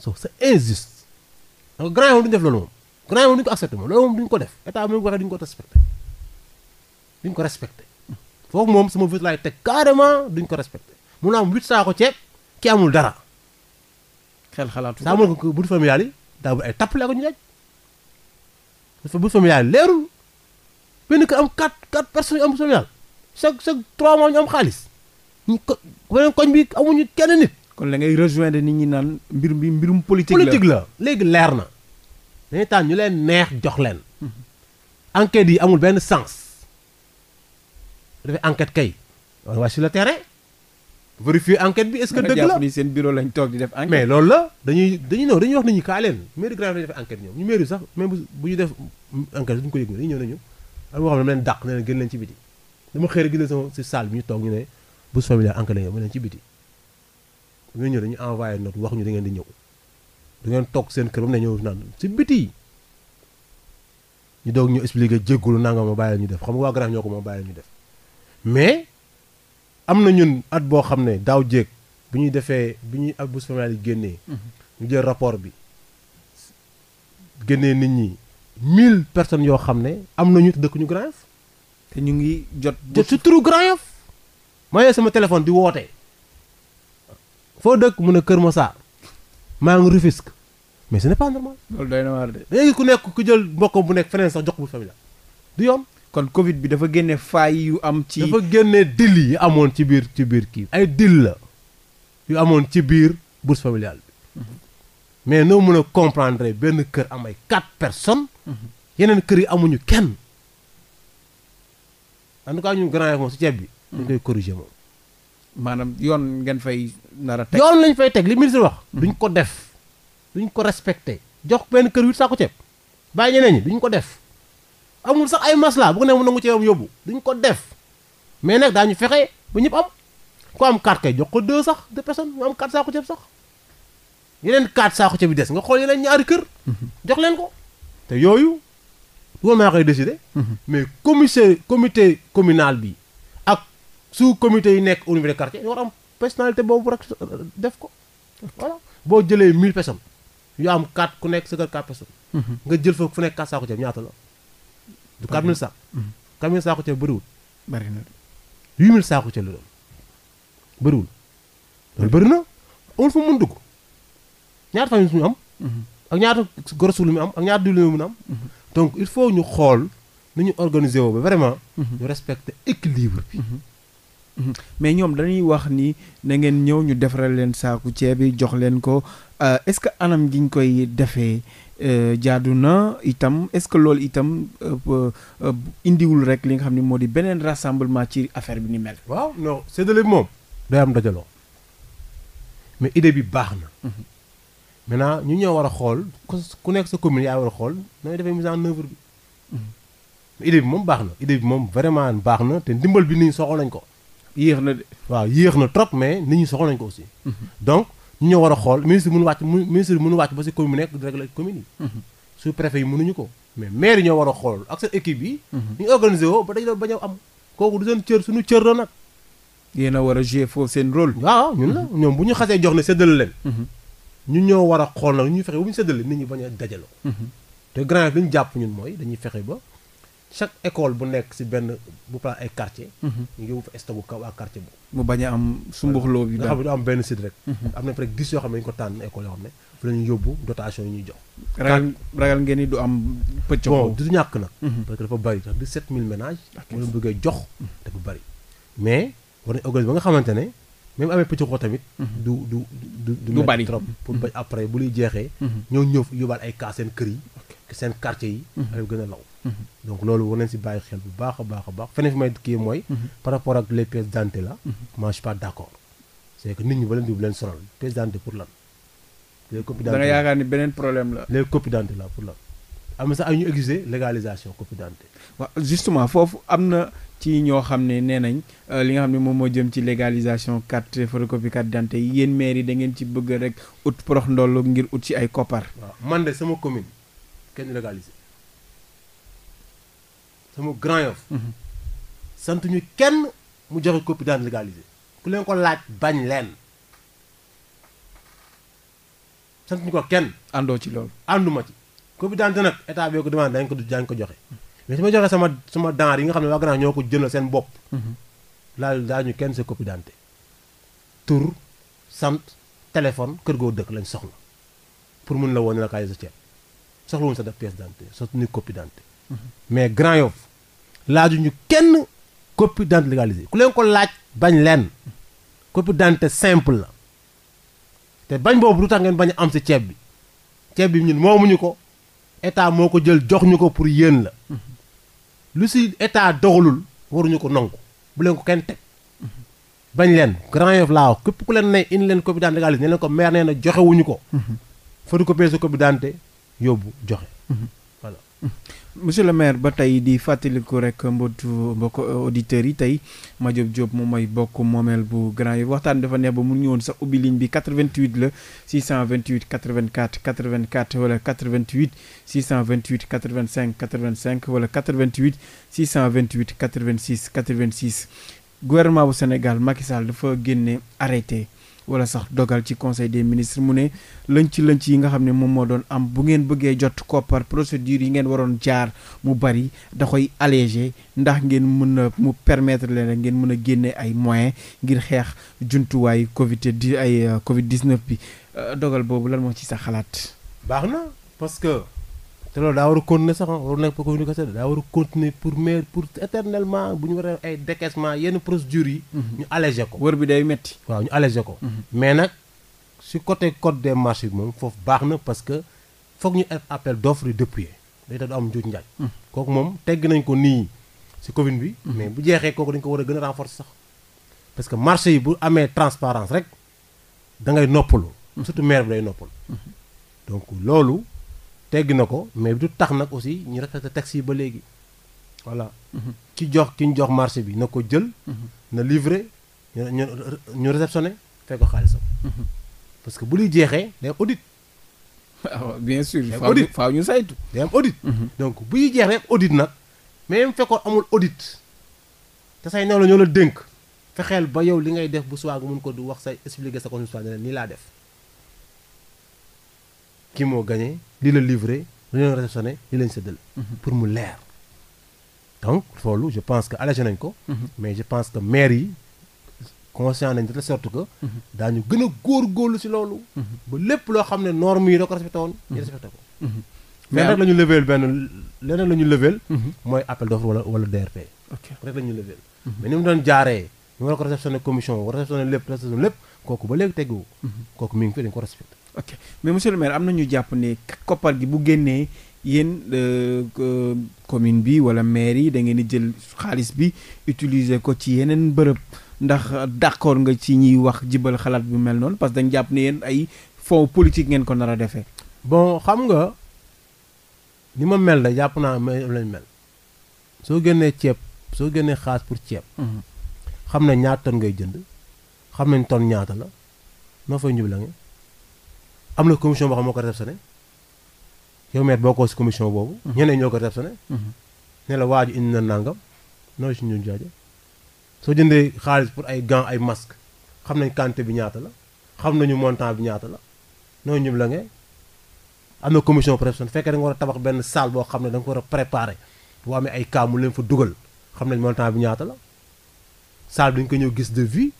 so c'est injuste. donc grand yi moom duñu def loolu moom. grand yi moom duñu ko accepté moom loolu moom duñu ko def état moom waxee duñ ko respecté foofu moom sama vote laay teg carrément duñ ko respecté mun am huit saako ceeb ki amul dara. xel xalaatu saa mën ko bu familial yi daa bu ay tappale ko ñu daj dafa bu leerul benn ko am quatre quatre personnes yu am familial chaque chaque trois mois ñu am xaalis ñu ko beneen koñ bi amuñu kenn nit. kon la ngay rejoindre nit ñi naan mbir mi mbirum politique la la léegi leer na dañuy tànn ñu leen neex jox leen. Hmm. enquêtes yi amul benn sens. defee enquête kay on va sur le terrain vérifier enquête bi est-ce que dëgg la seen bureau lañ toog di def enquête mais loolu la dañuy dañuy ñëw dañuy wax nit ñi kaa leen mairie Grand Yoff dañuy def sax même bu ñu def enquête duñu ko yëg dañuy ñëw nañu am boo xam ne dama leen dàq ci biti dama xëy rek gis ñu toog ñu ne bourse familiale enquête la ñu leen ci biti ñu ñëw dañu envoyé note wax ñu da ngeen di ñëw da ngeen toog seen kër ba mu ne ñëw naan ci biti ñu doog ñu expliqué jéggulu nanga ma bàyyi la ñu def xam nga waa Grand ñoo ko ma bàyyi ñu def mais am na ñun at boo xam ne daaw jéeg bu ñuy defee bi ñuy ab bourse familiale yi génnee mhm. ñu jël rapport bi génnee nit ñi mille personnes yoo xam ne am na ñu dëkk ñu Grand Yoff te ñu ngi jot jot si turu Grand Yoff ma yee sama téléphone di woote foo dëkk mu ne Kër Massar maa ngi Rufisque mais ce n'est loolu doy na waar de léegi ku nekk ku jël mbokk bu nekk feneen sax jox bu familial du yoon kon Covid bi dafa génne failles yu am ci. dafa génne dil yi amoon ci biir ci biir kii ay dil la yu amoon ci biir bourse familiale bi mm-hmm. mais noo mën a comprendre benn kër am ay quatre personnes. Mm-hmm. yeneen kër yi amuñu kenn. en tout cas ñun grand moom si ceeb bi. Mm-hmm. dañ koy corriger moom. maanaam yoon ngeen fay nar a teg. yoon lañ fay teg li ministre wax. duñ ko def duñ ko respecté jox benn kër yu sàkku ceeb. bàyyi ñeneen ñi duñ ko def. amul sax ay masla bu ko ne mu nangu ci am yóbbu duñ ko def mais nag ñu fexe ba ñëpp am ku am carte kay jox ko deux sax deux personnes nga am quatre saako ceeb sax yeneen quatre saako ceeb bi des nga xool yeneen ñaari kër mhm. jox leen ko te yooyu loolu maa koy décider mhm. mais commissaire comité communal bi ak sous comité yi nekk au niveau de quartier ñu war am personnalité boobu rek def ko voilà boo jëlee mille personnes yoo am quatre ku nekk sa kër quatre mhm. nga jël fa fu nekk quatre saako ceeb ñaata la du 4000 saako. 4000 saako ceeb bëriwul. bëri na 8000 saako ceeb la bëriwul. loolu bëri na amul fu mu mën dugg ñaata famille suñu am. Mhm. ak ñaata gros suul mi am ak ñaata diwlin mi am. Mhm. donc il faut ñu xool nu ñu organiser woo ba vraiment. Mhm. ñu respecter équilibre bi. mais ñoom dañuy wax ni na ngeen ñëw ñu defaral leen saaku ceeb bi jox leen ko euh, est-ce que anam jiñ ñu koy defee Euh, jaadu na itam est-ce que loolu itam euh, euh, indiwul rek li nga xam ne moo di beneen rassemblement ci affaire bi ni mel. waaw non séddale bi moom day am dajaloo mais idée bi baax na. Mhm. maintenant ñu ñoo war a xool ku nekk sa commune yaa war a xool na ñuy defee mise en œuvre bi. Mhm. idée bi moom baax na idée bi moom vraiment baax na te ndimbal bi nit ñi soxla nañ ko. yéex na waaw yéex na trop mais nit ñi soxla nañ ko aussi. Mhm. ñu ñoo war a xool ministre mënu wàcc ministre mënu wàcc ba si commune nekk di commune yi mhm. sous préfet yi mënuñu ko mais maire yi ñoo war a xool ak seen équipe yi mhm. ñu organisé woo ba dañu bañ am kooku du seen cër suñu cër la nag yéen a war a jouer foofu seen role waaw ñun la mhm. ñoom bu ñu xasee jox ne seddale leen ñu ñoo war a xool nag ñu fexe bu ñu seddalee nit ñi bañ a dajalo te grand lañu jàpp ñun mooy dañuy fexe ba chaque école bu nekk si benn bu pare ay quartier mhm. ñu yóbbu fa stock bu waa quartier bu mu bañ a am sumbuxloo bi nga xam am benn site mhm. am na presque dix yoo xam ne ñu ko tànn école yoo xam ne fu la ñu yóbbu ni du am pëcc bon du ñàkk na mhm. parce que dafa bëri tax di sept mille ménages mënu bëggee jox dafa bëri mais war nañ ba nga xamante ne même amee pëccaxoo tamit du du du du bari trop pour bañ après bu luy jeexee ñoo ñëw yóbbaal ay cas seen kër yi seen quartier yi affaire bi gën a law Mm-hmm. donc loolu war nañ si bàyyi xel bu baax a baax a baax feneen fi may kii mooy. Mm-hmm. par rapport ak les pièces d'identité la. Mm-hmm. moi je suis pas d' accord nit ñi ba leen di leen sonal pièces d'identité pour lan. les copies d'identité yaakaar ni beneen problème la. les la pour lan. am na sax ay ñu exiger légalisation copie d'identité. waaw justement foofu am na ci ñoo xam ne nee nañ euh, li nga xam ne moom moo jëm ci légalisation carte photocopie carte d'identité yéen maire yi da ngeen ci bëgg rek ut prox ndollu ngir ut ci ay koppar. waaw man de sama commune kenn légalisé. sama Grand Yoff sant ñu kenn mu joxe copie d'identité légalisée ku leen ko laaj bañ leen sant ñu ko kenn. àndoo ci loolu. ànduma ci copie d'identité nag état bi ko demande dañ ko dañ ko joxe. mais su ma joxee sama sama denrée yi nga xam ne waa Grand ñoo ko jëndal seen bopp. Mhm. laal daa ñu kenn sa copie d'identité tur sant téléphone kër goo dëkk lañ soxla pour mun la woon ne la kaay sa ceeb soxla wuñ sa def pièce d'identité sa ni copie d'identité mais Grand Yoff laajuñu kenn copie d'identité légalisée ku leen ko laaj bañ leen copie d'identité simple la te bañ boobu lu tax ngeen bañ am si ceeb bi ceeb bi ñun moomuñu ko état moo ko jël jox ñu ko pour yéen la lu si état doxalul waruñu ko nangu bu leen ko kenn teg bañ leen Grand Yoff laa wax ku leen ne indi leen copie d'identité légalisée ne leen ko maire nee na joxewuñu ko photocopie mhm. sa copie d'identité yóbbu joxe mhm. Mhm. monsieur le maire ba tey di fàttaliku rek mbootu mbokk euh, auditeurs yi tey Madiop Diop moom mooy bokk moomeel bu Grand Yoff waxtaan dafa neex ba mu ñëwoon sax ubbi ligne bi 88 la 628 84 84 wala 88 628 85 85 wala 88 628 86 86 gouvernement bu Sénégal Macky Sall dafa génne arrêté. wala sax dogal ci conseil des ministres mu ne lënc lënc yi nga xam ne moom moo doon am bu ngeen bëggee jot koppar procédure yi ngeen waroon jaar mu bari da koy ndax ngeen mën na mu permettre leen ngeen mën a génne ay moyens ngir xeex jumtuwaay Covid di ay euh, Covid 19 bi euh, dogal boobu lan moo ci sa xalaat. baax na te loolu daa war a continuer sax waru nekk war a continuer pour maire pour éternellement bu ñu war ay décaissement yenn procédures yi. Mhm. ñu allégé ko. wër bi day métti. waaw ñu allégé ko. Mhm. mais nag si côté code des marchés bi moom foofu baax na parce que foog ñu def appel d'offre yi depuis day tax du am njuuj njaaj. Mhm. kooku moom tegg nañ ko nii si commune bi. mais bu jeexee kooku dañ ko war a gën a renforcer sax parce que marché yi bu amee transparence rek da ngay noppalu. surtout bi day noppalu. loolu. teggi na ko mais du tax nag aussi ñu respecté taxi yi ba léegi voilà. ci jox ki jox marché bi na ko jël. na livré ñu ñu ñu fekk ko xaalisam. parce que bu luy jeexee day audit. Ah, waaw bien sûr. faaw ñu saytu day am audit. Mhm. donc bu ñuy jeex rek audit nag même fekkoon amul audit te say néew la ñoo la dénk fexeel ba yow li ngay def bu subaa nga mun ko du wax say expliquer sa consultation ne nii laa def. kii moo gagné lii la livré li leen réceptionné lii lañ séddale mhm. pour mu leer donc loolu je pense que allégé nañ ko mhm. mais je pense que maire yi conscient nañ de telle sorte que mhm. daañu gën a góor góorgóorlu si loolu ba lépp loo xam ne normes yi da ko respecté woon ñu respecté ko mais rek la ñu level benn leneen la ñu level mooy appel d'offre wala wala DRP rek la ñu level ni mu doon jaaree ñu war a ko réceptionné commission war a réceptionné lépp réceptionné lépp kooku ba léegi tegu kooku mi ngi fi dañ ko respecté ok mais monsieur maire am na ñu jàpp ne koppar gi bu génnee yéen euh, euh, commune bi wala maire yi da ngeen di jël xaalis bi utiliser ko ci yeneen bërëb ndax d'accord nga ci ñuy wax jibal xalaat bu mel noonu parce que jàpp ne yéen ay fonds politique ngeen ko nar a defee. bon xam nga li ma mel la jàpp naa ma lañ mel soo génnee ceeb soo génnee xaalis pour ceeb. Mhm. xam na ñaata ton ngay jënd xam nañ ton ñaata la noo fay njubla nga am na commission boo xam moo ko réceptionné yow boo bokkoo si commission boobu. Mhm. ñeneen ñoo ko réceptionné. Mhm. ne la waaju indi na nangam nooy si ñun jaaja soo jëndee xaalis pour ay gants ay masques xam nañ quantité bi ñaata la xam nañu montant bi ñaata la nooy ñub la ngeen na commission professionnelle bu fekkee da tabax benn salle boo xam ne da nga ko a préparer boo amee ay cas leen fa dugal xam nañ montant bi ñaata la salle bi dañ ko ñëw gis de vue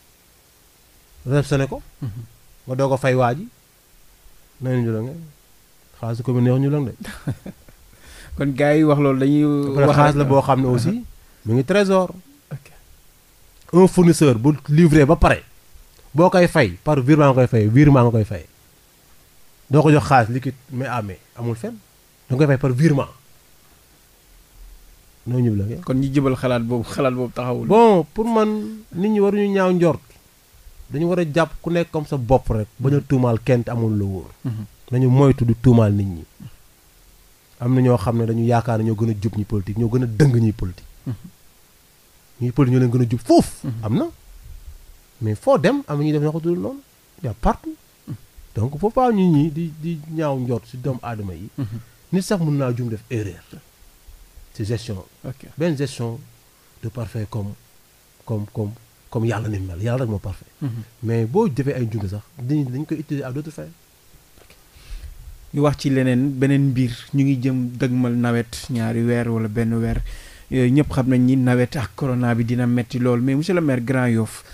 réceptionné ko. nga mhm. doo ko fay waaj. nee nañu njulong xaalis commune neexu njulong de. kon gars yi wax loolu dañuy. wax xaalis la boo xam ne aussi mu ngi trésor. un fournisseur bu livré ba pare boo koy fay par virement nga koy fay virement nga koy fay doo ko jox xaalis liquide mais amee ah, amul fenn da koy fay par virement noo ñëw la kon ñu jëbal xalaat boobu xalaat boobu taxawul. bon pour man nit ñi waruñu ñaaw njor dañu war a jàpp ku nekk comme sa bopp rek bañ a mhm. tuumaal kenn te amul la wóor mhm. nañu moytu di tuumaal nit ñi am na ñoo xam ne dañu yaakaar ne ñoo gën a jub ñi politique ñoo gën a dëng ñuy politique mhm. ñuy politique ñoo leen gën a jub foofu am na mais foo dem am na ñuy def na ko donc faut ñi di di ñaaw njort si doomu aadama yi nit sax mun naa jum def erreur ci gestion benn gestion de parfait comme comme comme comme yàlla ni mel yàlla rek moo parfait. Mhm. mais boo defee ay njunde sax dañuy dañ koy utiliser à d'autres fins. ñu wax ci leneen beneen mbir ñu ngi jëm dëgmal nawet ñaari weer wala benn weer ñëpp xam nañ ni nawet ak corona bi dina metti lool mais monsieur le maire Grand Yoff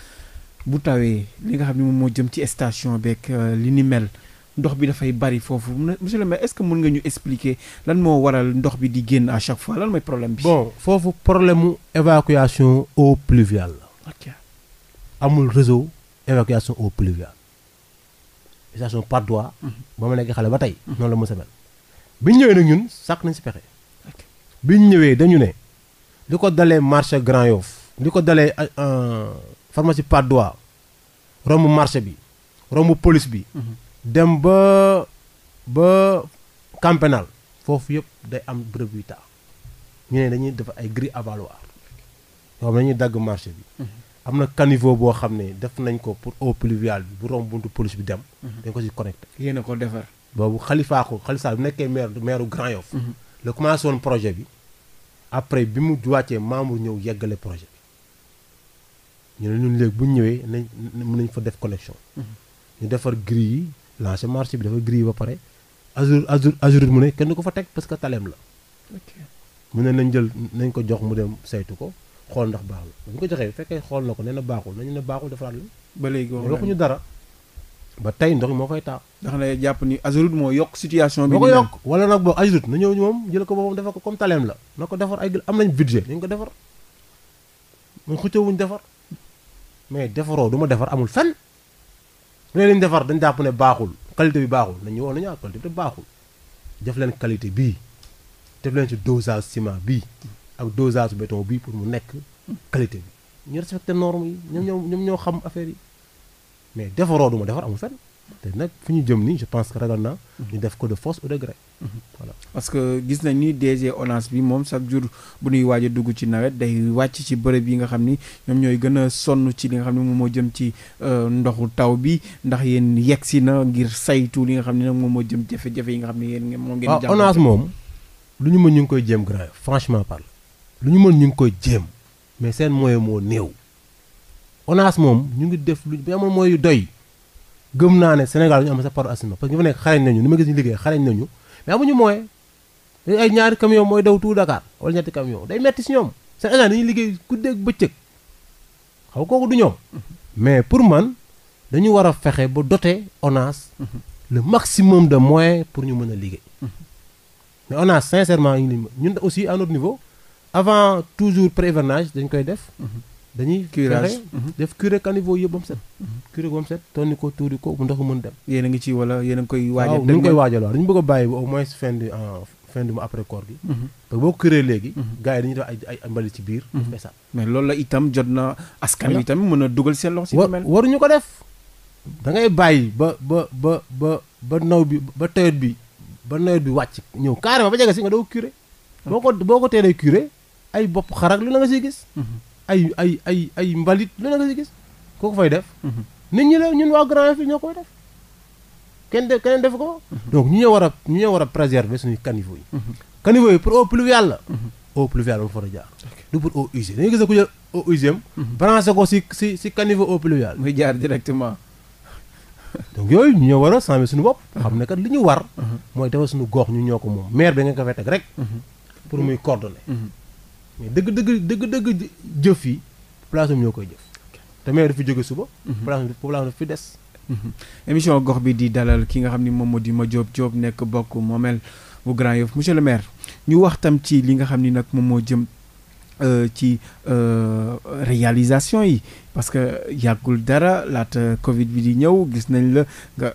bu tawee li nga xam ne moom moo jëm ci station beeg euh, li ni mel ndox bi dafay bari foofu monsieur le maire est-ce que mën nga ñu expliquer lan moo waral ndox bi di génn à chaque fois lan mooy problème bi. bon foofu problème mu évacuation eau la. amul réseau évacuation eaux pluviales station par doigt mhm. ba ma nekk xale ba tey mhm. noonu la mos a mel ñëwee nag ñun sàkk nañ si pexe bi ñëwee dañu ne li ko dalee marché Grand Yoff li ko dalee euh, euh, pharmacie par doigt romb marché bi romb police bi mhm. dem ba ba camp foofu yëpp day am bërëb yu taa ñu ne dañuy def ay grilles avaloirs yoo xam ne dañuy dagg marché bi am na caniveau boo xam ne def nañ ko pour eau pluviale bi bu romb buntu police bi dem. Mhm. dañ ko ci connecté. yéen a ko defar. boobu xalifaa ko xalisaa bu nekkee maire maire Grand Yoff. Mhm. la commencé woon projet bi. après bi mu wàccee membre ñëw yeggale projet bi ñu ne ñun léegi buñ ñëwee nañ mën nañ fa def connexion. Mhm. ñu defar grille yi lancé marché bi dafa yi ba pare. azur azur azur mu ne kenn du ko fa teg parce que taleem la. mu ne nañ jël nañ ko jox mu dem saytu ko. xool ndax baaxul bu ñu ko joxee fekkee xool na ko nee na baaxul nañu ne baaxul defaraat la ba léegi waxuñu dara ba tey ndox moo koy taa ndax lay jàpp ni Azurut moo yokk situation bi moo ko yokk wala nag boo Azurut na ñëw moom jël ko boppam defar ko comme taleem la na ko defar ay am nañ budget nañ ko defar mu xëccoo wuñ defar mais defaroo du defar amul fenn ne lañ defar dañ jàpp ne baaxul qualité bi baaxul nañu wax nañu ak ah, qualité bi baaxul def leen qualité bii def leen ci dosage ciment bii ak dosage béton bi pour mu nekk qualité bi ñu respecté normes yi ñoom ñoo ñoom ñoo xam affaire yi mais defaroo du ma defar amul fenn te nag fu ñu jëm nii je pense que ragal naa ñu def ko de force ou de gré parce que gis nañ ni DG ONAS bi moom chaque jour bu ñuy waaj a dugg ci nawet day wàcc ci bërëb yi nga xam ni ñoom ñooy gën a sonn ci li nga xam ne moom moo jëm ci euh, ndoxu taw bi ndax yéen yegg si na ngir saytu li nga xam ne nag moom moo jëm jafe-jafe yi nga xam ne yéen moom ngeen jàpp ONAS moom lu ñu mën ñu ngi koy jéem grand franchement parle lu ñu mën ñu ngi koy jéem mais seen moyen moo néew ONAS moom ñu ngi def lu bi amoon mooy doy gëm naa ne Sénégal ñu am sa part assainissement parce que ñu fa nekk xarañ nañu ni ma gis ñu liggéey xarañ nañu mais amuñu moyen ay ñaari camion mooy daw tout Dakar wala ñetti camion day metti si ñoom seen agent dañuy liggéey ku guddeeg bëccëg xaw kooku du ñoom mais pour man dañu war a fexe ba doter ONAS le moom de moyens pour ñu mën a liggéey mais ONAS sincèrement ñun aussi à notre niveau avant toujours pré-hivernage dañ koy def. Mhm. dañuy curage mhm. def curé caniveau yëpp ba mu set. Mhm. curé ba mu set tonni ko tuuri ko bu ndox mën dem. yéen a ngi ci wala yéen a ngi koy. waajal dañ koy waajal waaw dañu bëgg a bàyyi au moins fin du fin du mois après koor gi. parce que boo curé léegi. gars yi dañuy def ay ay mbalit ci biir. mais loolu la itam jot na askan wi itam mën a dugal seen loxo. si lu mel waruñu ko def. da ngay bàyyi ba ba ba ba ba naw bi ba tawet bi ba nawet bi wàcc ñëw carrément ba jege si nga doo curé. boo ko boo ko teelee curé ay bopp xarak lu na nga siy gis mhm. ay ay ay ay mbalit lu na nga siy gis kooku fay def mhm. nit ñi la ñun waa Grand Yoff ñoo koy def kenn de keneen def ko mhm. donc ñu ñoo war a ñu ñoo war a préserver suñu caniveau yi yi pour la eau pluviale ba fa la jaar du pour eau usée ko si si si caniveau eau pluviale jaar directement donc yooyu ñu ñoo war a suñu bopp xam ne kat li ñu war mooy defar suñu gox ñu ñoo ko moom maire bi nga ko fay teg rek pour muy coordonner mais dëgg dëgg dëgg dëgg jëf yi population bi ñoo koy jëf te maire dafa jóge suba mhm. population dafa fi des mhm. émission gox bi di dalal ki nga xam ni moom moo di ma Madiop Diop nekk bokk moomeel bu Grand Yoff monsieur le maire ñu wax tam ci li nga xam ni nag moom moo jëm euh, ci euh, réalisation yi parce que yàggul dara laata Covid bi di ñëw gis nañ la nga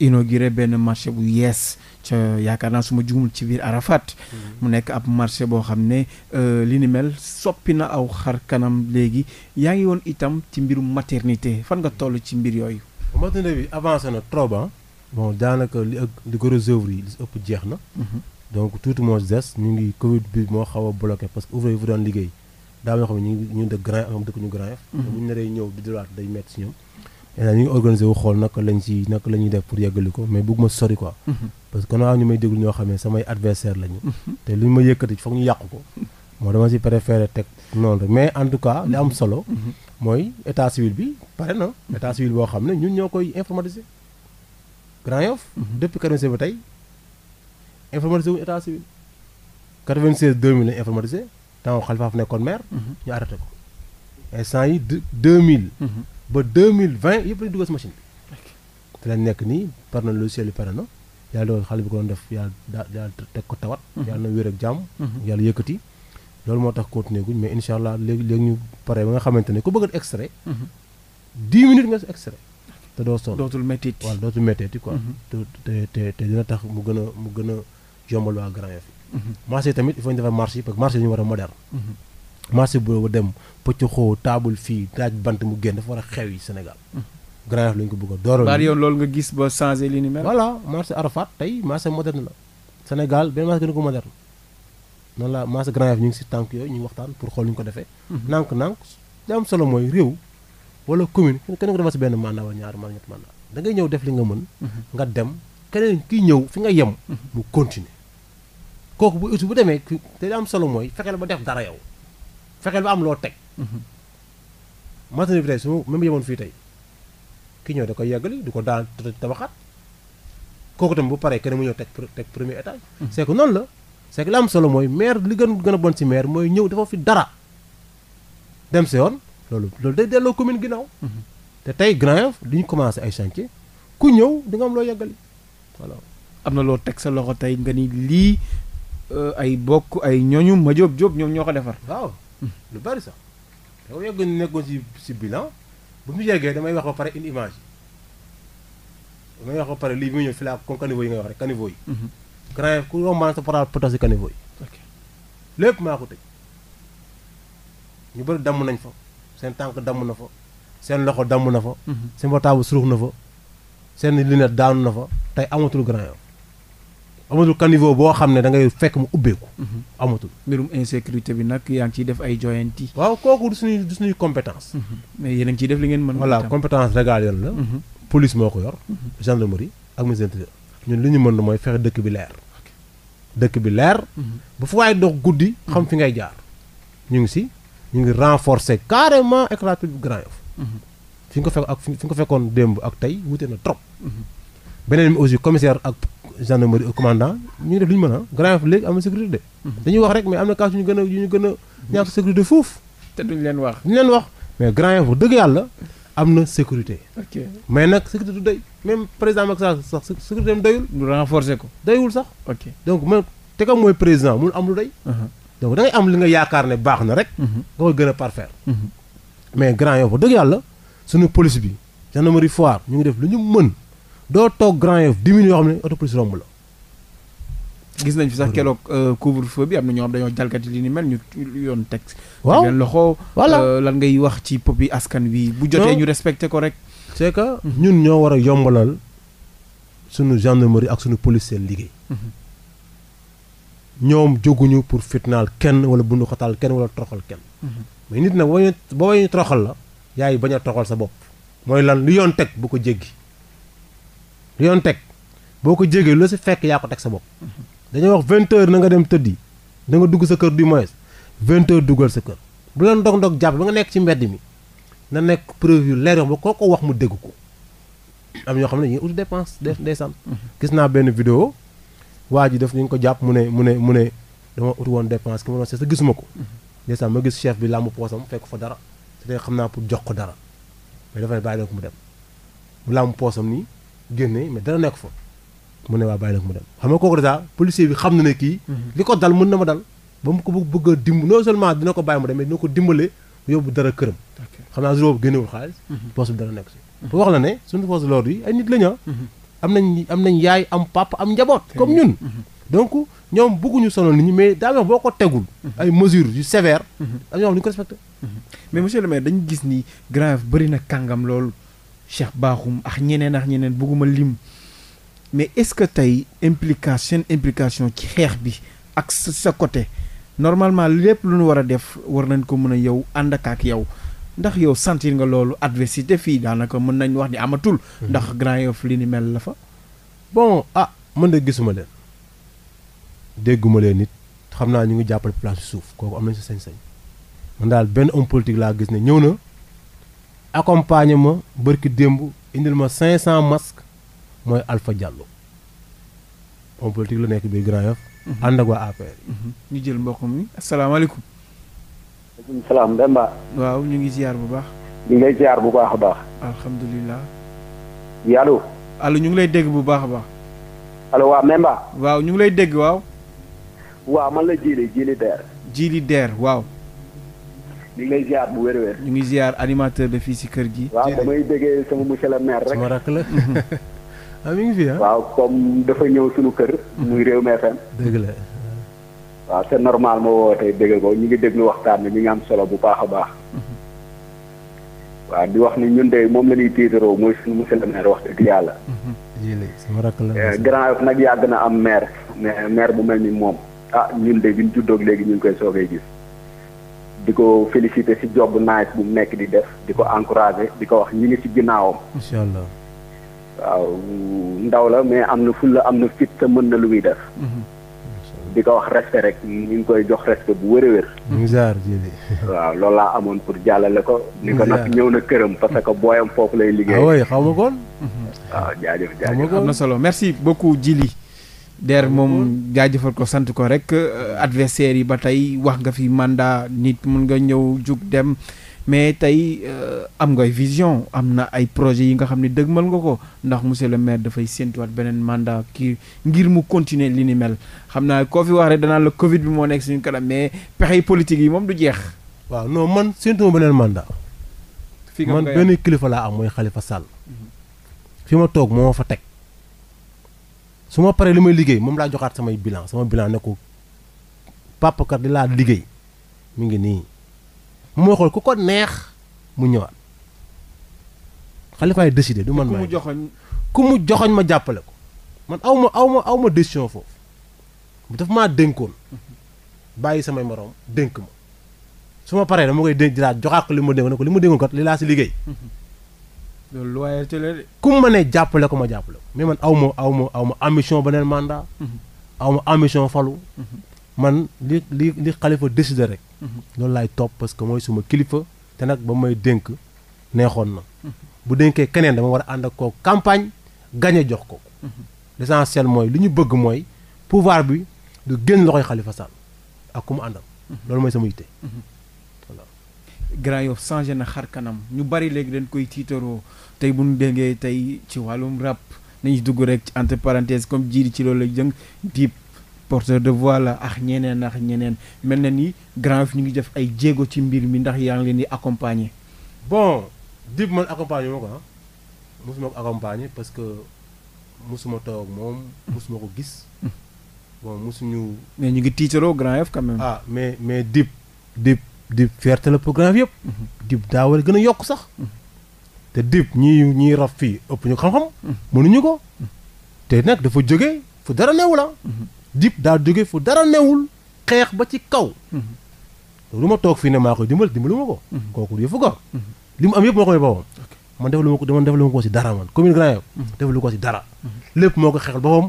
inauguré benn marché bu yees ca yaakaar naa su ma jugumul ci biir Arafat. Mhm. mu nekk ab marché boo xam ne euh, li ni mel soppi na aw xar kanam léegi yaa ngi woon itam ci mbiru maternité fan nga toll ci mbir yooyu. maternité bi avancé na trop bon daanaka li ak li ko œuvre yi li si ëpp jeex na. Mhm. donc tuuti moo des ñu ngi Covid bi moo xaw a bloqué parce que ouvrier yi fu doon liggéey daa ñoo xam ne ñu ñu dëkk Grand Yoff am dëkk ñu Grand Yoff. Mhm. bu ñu naree ñëw di dalaat day métti si ñoom. et ñu ngi organisé wu xool naka lañ si naka la ñuy def pour yeggali ko mais bëgg ma sori quoi. Mhm. parce que naa ñu may déglu ñoo xam ne samay adversaire lañu. Mhm. te li ñu ma yëkkati foog ñu yàqu ko. moo dama si préféré teg noonu rek mais en tout cas li am solo. Mhm. mooy état civil bi pare na. état civil boo xam ne ñun ñoo koy informatiser. Grand Yoff. depuis 96 ba tey informatiser wu état civil. 96 2000 lañ informatiser temps Khalifa fa nekkoon maire. ñu arrêté ko instant yi 2000. ba deux mille vingt yëpp la dugal si machine bi. te leen nekk nii par na logiciel bi pare na yàlla dogal xale bi ko doon def yàlla daa yàlla ko tawat. Mhm. yàlla na wér ak jàmm. Mhm. yàlla yëkkati. loolu moo tax continuer guñ mais incha allah léegi léegi ñu pare ba nga xamante ne ku bëgg a extrait. Mhm. dix minutes nga si extrait. te doo sonn dootul méttiit waaw dootul méttiit quoi. te te dina tax mu gën a mu gën a yombal waa Grand Yoff. marché tamit il faut ñu defar marché parce que marché yi ñu war marché boobu dem pëcc xoo taabul fii daaj bant mu génn dafa war a xew yi senegal mm. Grand Yoff lañ ko bëgg a dooral. bari loolu nga gis ba changé li ni mel. voilà marché Arafat tey marché moderne la Sénégal benn marché gën ko moderne noonu la marché Grand Yoff ñu ngi si tànk yooyu ñu waxtaan pour xool ñu ko defee. Mm-hmm. nànk nànk li am solo mooy réew wala commune kenn ko defal si benn mandat wala ñaari mandat ñetti mandat da ngay ñëw def li nga mën. Mm-hmm. nga dem keneen kiy ñëw fi nga yem. Mm-hmm. mu continuer kooku bu bu demee te li am solo mooy fexeel ba def dara yow. fexeel ba am loo teg. Mhm. matériel bi tey su ma yemoon fii tey ki ñëw da koy yàggali du ko daan tabaxaat kooku tam bu paree kenn mu ñëw teg teg premier étage. Mhm. c' est que noonu la c' est la am solo mooy maire li gën gën a bon ci maire mooy ñëw dafa fi dara dem si yoon loolu loolu day delloo commune ginnaaw. Mhm. te tey Grand du ñu commencé ay chantier ku ñëw di nga am loo yàggali voilà. am na loo teg sa loxo tey nga ni lii euh, ay bokk ay ñooñu ma jóob jóob ñoom ñoo ko defar waaw. lu bari sax dama yàgg nekkoon si bilan bu mu yeggee damay wax ba pare une image damay wax ba pare lii bi mu ñëw fi laa comme caniveau yi nga wax rek caniveau yi. Mhm. grand ku rombaan sa pota pota si caniveau yi. lépp maa ko tëj ñu bëri damm nañ fa seen tànk damm na fa seen loxo damm na fa. Mhm. seen portable surux na fa seen lunette daanu na fa tey amatul grand yow. amatul caniveau boo xam ne dangay fekk mu ubbeeku. Mhm. amatul mbirum insécurité bi nag yaa ngi ciy def ay joyanti. waaw kooku du suñuy du compétence. Mhm. mais yéen a ngi ciy def li ngeen mën. voilà compétence légale yoon la. Mhm. police moo ko yor. gendarmerie ak ministère intérieur ñun li ñu mën mooy fexe dëkk bi leer. dëkk bi leer. bu fa dox guddi. xam fi ngay jaar. ñu ngi si ñu ngi renforcer carrément éclairage public Grand fi nga ko fekk ak fi nga fekkoon démb ak tey wute na trop. beneen bi aussi commissaire ak. gendarmerie au commandant ñu ngi def lu ñu mën a Grand Yoff léegi am na sécurité mhm. dañuy wax rek mais am na cas yu ñu gën a yu ñu gën a ñàkk sécurité foofu te ñu leen wax ñu leen wax mais Grand Yoff bu dëgg yàlla am na sécurité mais nag sécurité du doy même président Macky Sall sax sécurité am doyul lu renforcer ko doyul sax donc man te comme mooy président mun am lu doy mhm. donc da am li nga yaakaar ne baax na rek mhm. nga koy gën a parfaire mais Grand Yoff dëgg yàlla suñu police bi gendarmerie foire ñu ngi def lu ñu mën doo toog Grand Yoff dix yoo xam ne oto police romb la. gis nañ fi sax keroog euh, couvre-feu bi am na ñoo xam dañoo jalgati li ni mel ñu yoon teg. waaw leen loxo. voilà euh, lan ngay wax ci popi askan wi. bu jotee ñu respecté ko rek. c'est que mhm. ñun ñoo war a yombalal sunu gendarmerie ak sunu police seen liggéey. Mhm. ñoom jóguñu pour fitnaal kenn wala bundu xataal kenn wala toroxal kenn. Mhm. mais nit nag boo ñu boo toroxal la. yaay bañ a toroxal sa bopp. mooy lan lu yoon teg bu ko jéggi. lu yoon teg boo ko jégee lu si fekk yaa ko teg sa bopp dañoo wax vingt heures na nga dem tëddi na nga dugg sa kër du moins vingt heures sa kër bu leen ndog-ndog jàpp ba nga nekk ci mbedd mi na nekk preuve yu leer koo ko wax mu dégg ko am ñoo xam ne ñu dépense def ndeysaan gis naa benn vidéo waa ji def ñu ko jàpp mu ne mu ne mu ne dama ut woon dépense ki ma doon seet sa gisuma ko ndeysaan ma gis chef bi laa làmb poosam fekk fa dara te xam naa pour jox ko dara mais dafay bàyyi ko mu dem mu làmb poosam nii génne mais dara nekk fa mu ne waa bàyyi nag mu dem xam nga kooku a policier bi xam na ne kii. Mhm. li ko dal mun na ma dal ba mu ko bëgg a dimb non seulement dina ko bàyyi mu dem mais dina ko dimbale yóbbu dara këram. xam naa juróom génnewul xaalis. Mhm. poche bi dara nekk si. Mhm. wax la ne suñu force de l'ordre yi ay nit la ñu ah. nañ am nañ yaay am papa am njaboot. comme ñun. donc ñoom bëgguñu sonal nit ñi mais daal boo ko tegul. ay mesures yu sévères. am ñoo xam ne ñu ko respecté. mais monsieur le mais dañu gis ni grave bëri na kàngam loolu. Cheikh Bakhoum ak ñeneen ak ñeneen bëgguma lim mais est-ce que tey implication implication ci xeex bi ak sa côté normalement lépp lu ñu war a def war nañ ko mën a yow ànd ak ak yow ndax yow sentir nga loolu adversité fii daanaka mën nañ wax ni amatul. Mhm. ndax Grand Yoff li ni mel la fa. bon ah mën de gisuma leen dégguma leen nit xam naa ñu ngi jàppale place suuf kooku am nañ sa sañ-sañ man daal benn homme politique laa gis ne ñëw na. accompagné ma bërki démb indil ma 500 mask mooy alfa Diallo homme politique nekk biir Grand Yoff. Mhm. waa APR. Mhm. ñu jël mbokk mi asalaamaaleykum. maaleykum salaam Demba. waaw ñu ngi ziar bu baax. ñu ngi lay bu baax a baax. alhamdulilah. allo. allo ñu ngi lay dégg bu baax a baax. allo waa Memba. waaw ñu ngi lay dégg waaw. waaw man la Jili Jili Der. Jili Der waaw. lii ngi lay ziar bu wér wér. ñu ngi ziar animateur de fii si kër gi. waaw damay déggee sama monsieur le maire rek. sama rakk la. ah mi ngi fi ah? waaw comme dafa ñëw suñu kër. muy réew FM. dëgg la. waaw c'est normal moo wootee dégg ko ñu ngi déglu waxtaan bi mi ngi am solo bu baax a baax. waaw di wax ni ñun de moom la ñuy tiitaroo mooy suñu monsieur le maire wax dëgg yàlla. jërëjëf sama rakk la. Eh, Grand Yoff nag yàgg na am maire mais maire bu mel ni moom ah ñun de bi ñu juddoo léegi ñu ngi koy soogay gis. di ko félicité si job nice bu mu nekk di def di ko encouragé di ko wax ñu ngi ci ginnaawam. incha allah waaw ndaw la mais am na fulla am na fit te mën na lu muy def. Mhm. di ko wax respect rek ñu ngi koy jox respect bu wërëwër. Mhm. ziar waaw loolu laa amoon pour jàllale ko. ni ko nag ñëw na këram parce que booyam foofu lay liggéey. ah oui xaw ma koon. Mhm. waaw jaajëf jaajëf am solo merci beaucoup Djily der moom jaajëfal ko sant ko rek euh, adversaire yi ba tey wax nga fi mandat nit mun nga ñëw jug dem mais tey euh, am nga vision am na ay projets yi nga xam ne dëgmal nga ko ndax monsieur le maire dafay séntuwaat beneen mandat kii ngir mu continuer li ni mel xam naa koo fi wax rek danaa la Covid bi moo nekk suñu kanam mais pexey politique yi moom du jeex. waaw non man séntuwuma beneen mandat. fi man benn kilifa laa am mooy Khalifa Sall. Mhm. fi ma toog moo fa teg. su ma paree li may liggéey moom laa joxaat samay bilan sama bilan ne ko papa li laa liggéey mi ngi nii mooy xool ku ko neex mu ñëwaat xalifaay décidé du man. maay ku mu joxoñ ma jàppale ko man aw ma aw ma aw ma décision foofu daf maa dénkoon bàyyi samay moroom dénk ma su ma paree dama koy dénk di laa joxaat ko li ma dénkoon ne ko li ma dénkoon li laa si liggéey. loolu lu ku ma ne jàppale ko ma jàppale. mais man awma ma aw ma aw ma ambition beneen mandat. Mhm. aw ma ambition falu. Mhm. man li li li xalifa décider rek. Mhm. loolu laay topp parce que mooy suma kilifa te nag ba may dénk neexoon na. bu dénkee keneen dama war a ànd ak kooku campagne gañe jox ko. l'essentiel mooy li ñu bëgg mooy pouvoir bi du génn loxoy xalifa Sall ak ku mu àndal. loolu mooy sama yitte. Grand Yoff changé na xar kanam ñu bari léegi dañ koy tiitaroo tey bu ñu déggee tey ci wàllum rap. nañu dugg rek ci entre parenthèse comme jiiri ci loolu la jëng diib porteur de voix la ak ñeneen ak ñeneen mel na ni grand ñu ngi def ay jéego ci mbir mi ndax yaa ngi leen di accompagner. bon diib man accompagner ma ko ah mosuma ko accompagner parce que mosuma toog moom mosuma ko gis bon mosuñu. mais ñu ngi tiitaroo grand F quand ah, mais mais diib diib diib fierté la yëpp. Mhm. diib daa war a gën a yokk sax. Mhm. te dib ñi ñi raf fii ëpp ñu xam-xam mënuñu ko te nag dafa jóge fu dara newu la dib daa jóge fu dara newul xeex ba ci kaw lu ma toog fii ne maa koy dimbal dimbalu ma ko kooku yëfu gor li mu am yëpp moo ko may mu man lu ma ko man def ko si dara man commune Grand Yoff def lu ko si dara lépp moo ko xeexal boppam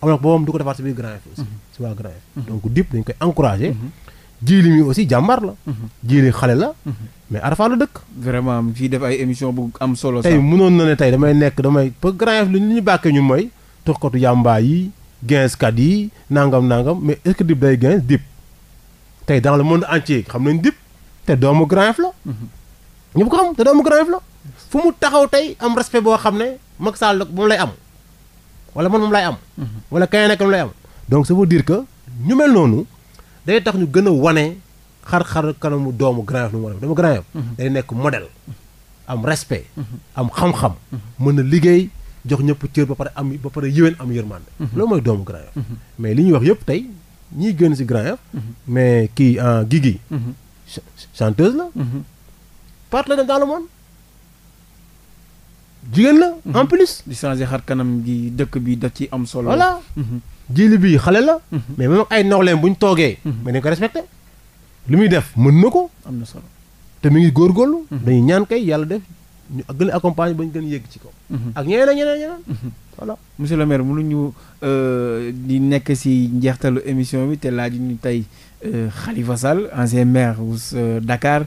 am na boppam du ko defaat si biir Grand Yoff si waa Grand Yoff donc dib dañ koy encouragé jiili mi aussi jàmbaar la. Mhm. jiili xale la. Mhm. mais Arafat la dëkk. vraiment fii def ay émission bu am solo. tey mënoon na ne tey damay nekk damay ba grand li ñu bàkkee ñu mooy tuxkatu yàmbaa yi gainskat yi nangam nangam mais est-ce que day gains dib tey dans le monde entier xam nañ dib te doomu grand la. Mhm. ñëpp ko xam te doomu grand la. fu mu taxaw tey am respect boo xam ne Macky Sall moom lay am wala man moom lay am. wala keneen ak moom lay am. donc ça veut que ñu mel noonu. day tax ñu gën a wane xar-xar kanamu doomu Grand Yoff nu mu war a doomu Grand Yoff mm-hmm. day nekk modèle mm-hmm. am respect mm-hmm. am xam-xam mën na liggéey jox ñëpp cër ba pare am ba pare yéwén am yërmande loolu mooy doomu Grand Yoff mais li ñuy wax yëpp tey ñi gën si Grand Yoff mais kii ah, Guigui chanteuse la part la dem dans le jigéen la en plus di changer xar kanam gi dëkk bi daf ci am solo jili bii xale la. Mhm. mais même ay nawleem bu ñu toogee. Mhm. mais dañ ko respecté. lu muy def mën na ko. am na solo te mi ngi góor góorlu mhm. dañuy ñaan kay yàlla def ñu gën a accompagner ba ñu gën a yëgg ci kaw. ak ñeneen ak ñeneen ñeneen. voilà monsieur le ñu mënuñu euh, di nekk si njeextalu émission bi te laaj ñu tey euh, Khalifa Sall ancien maire wu euh, Dakar.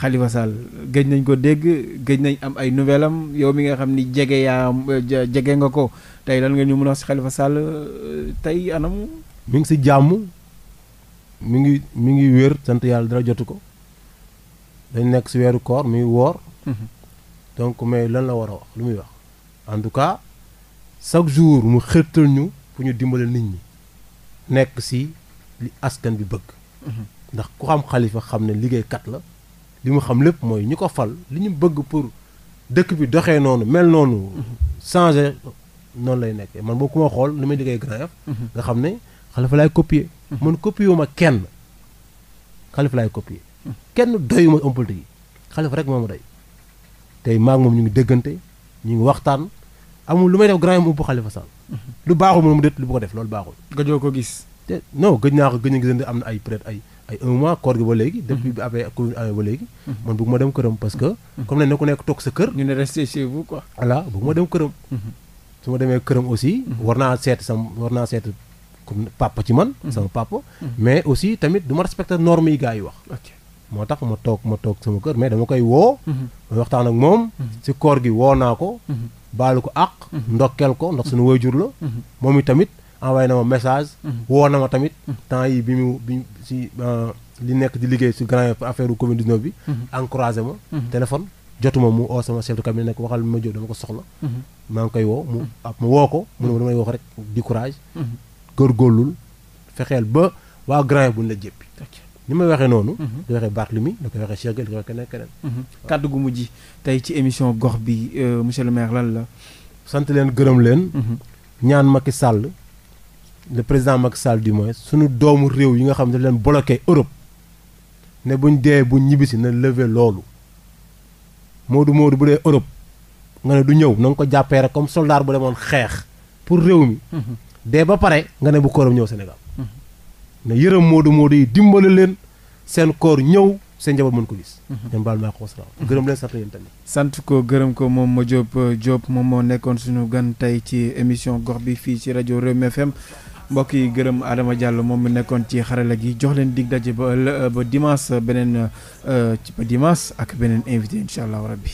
Khalifa Sall géej nañ ko dégg géej nañ am ay nouvelle am yow mi nga xam ni jege yaa jege nga ko tey lan nga ñu mën a wax si Khalifa Sall euh, tey anam. mi ngi si jàmm mi ngi mi ngi wér sant yàlla dara jotu ko dañ nekk si weeru koor mi ngi woor. Mhm. donc mais lan la war a wax lu muy wax. en tout cas chaque jour mu xërtal ñu pour ñu dimbale nit ñi nekk si li askan bi bëgg. Mhm. ndax ku xam Khalifa xam ne liggéeykat la. li mu xam lépp mooy ñu ko fal li ñu bëgg pour dëkk bi doxee noonu mel noonu changé noonu lay nekkee man boo ku ma xool lu may liggéey Grand Yoff mhm. nga xam ne Khalifa laay copier mhm. man copier kenn Khalifa laay copier mhm. kenn doyu ma homme politique yi Khalifa rek moom ma doy tey maa moom ñu ngi dëggante ñu ngi waxtaan amul lu may def Grand Yoff mu ëpp Khalifa Sall lu baaxul moom mu déet lu bu ko def loolu baaxul gëjoo ko gis te non gëj naa ko gëj na gis am na ay peut-être ay ay un mois koor gi ba léegi. Mm-hmm. depuis mm-hmm. parce que. Mm-hmm. comme ne ku nekk toog sa ne restez chez vous quoi. voilà ma dem këram. su ma demee këram aussi. war naa seet sam war naa seet comme papa ci man. sama papa. mais aussi tamit du ma respecté normes yi gars yi wax. moo tax ma toog ma toog sama kër mais dama koy woo. ma ak moom. si koor gi woo naa ko. baalu ko àq. ndokkeel ko ndax suñu waajur la. moom itamit. waaye na ma message. Mhm. woo na ma tamit. Mhm. temps yi bi mu bi si euh, li nekk di liggéey si grand affaire Covid 19 bi. Mhm. encouragé ma. téléphone jotuma mu oo sama chef de cabinet nekk waxal ma jóg dama ko soxla. ma ngi koy woo mu ma ah, woo ko mu ne ma damay ko rek di courage. góorgóorlul fexeel ba waa grand buñ la jéppi. ni may waxee noonu. di waxee Barthélemy di ko waxee Cheikh Gueye di ko waxee keneen keneen. kàddu gu mujj tey ci émission gox bi euh, monsieur le maire lan la. sant leen gërëm leen. ñaan Macky Sall. le président Macky Sall du moins suñu doomu réew yi nga xam ne leen bloqué Europe ne buñ dee buñ ñibbisi na leve loolu Moodu Moodu bu dee Europe nga ne du ñëw na nga ko jàppee rek comme soldat bu moon xeex pour réew mi. Mm-hmm. dee ba pare nga ne bu kooram ñëw Sénégal. Mm-hmm. ne yërëm Moodu Moodu yi dimbale leen seen koor ñëw. seen njaboot mën ko gis. ñoom mm-hmm. gërëm leen sant yéen sant ko gërëm ko moom Madiop Diop moom moo nekkoon suñu gan tey ci émission gox bi fii ci rajo Rewmi FM. mbokk yi gërëm Adama Diallo moom mi nekkoon ci xarala gi jox leen dig daje ba ba dimanche beneen euh, ba dimanche ak beneen invité incha allah rabbi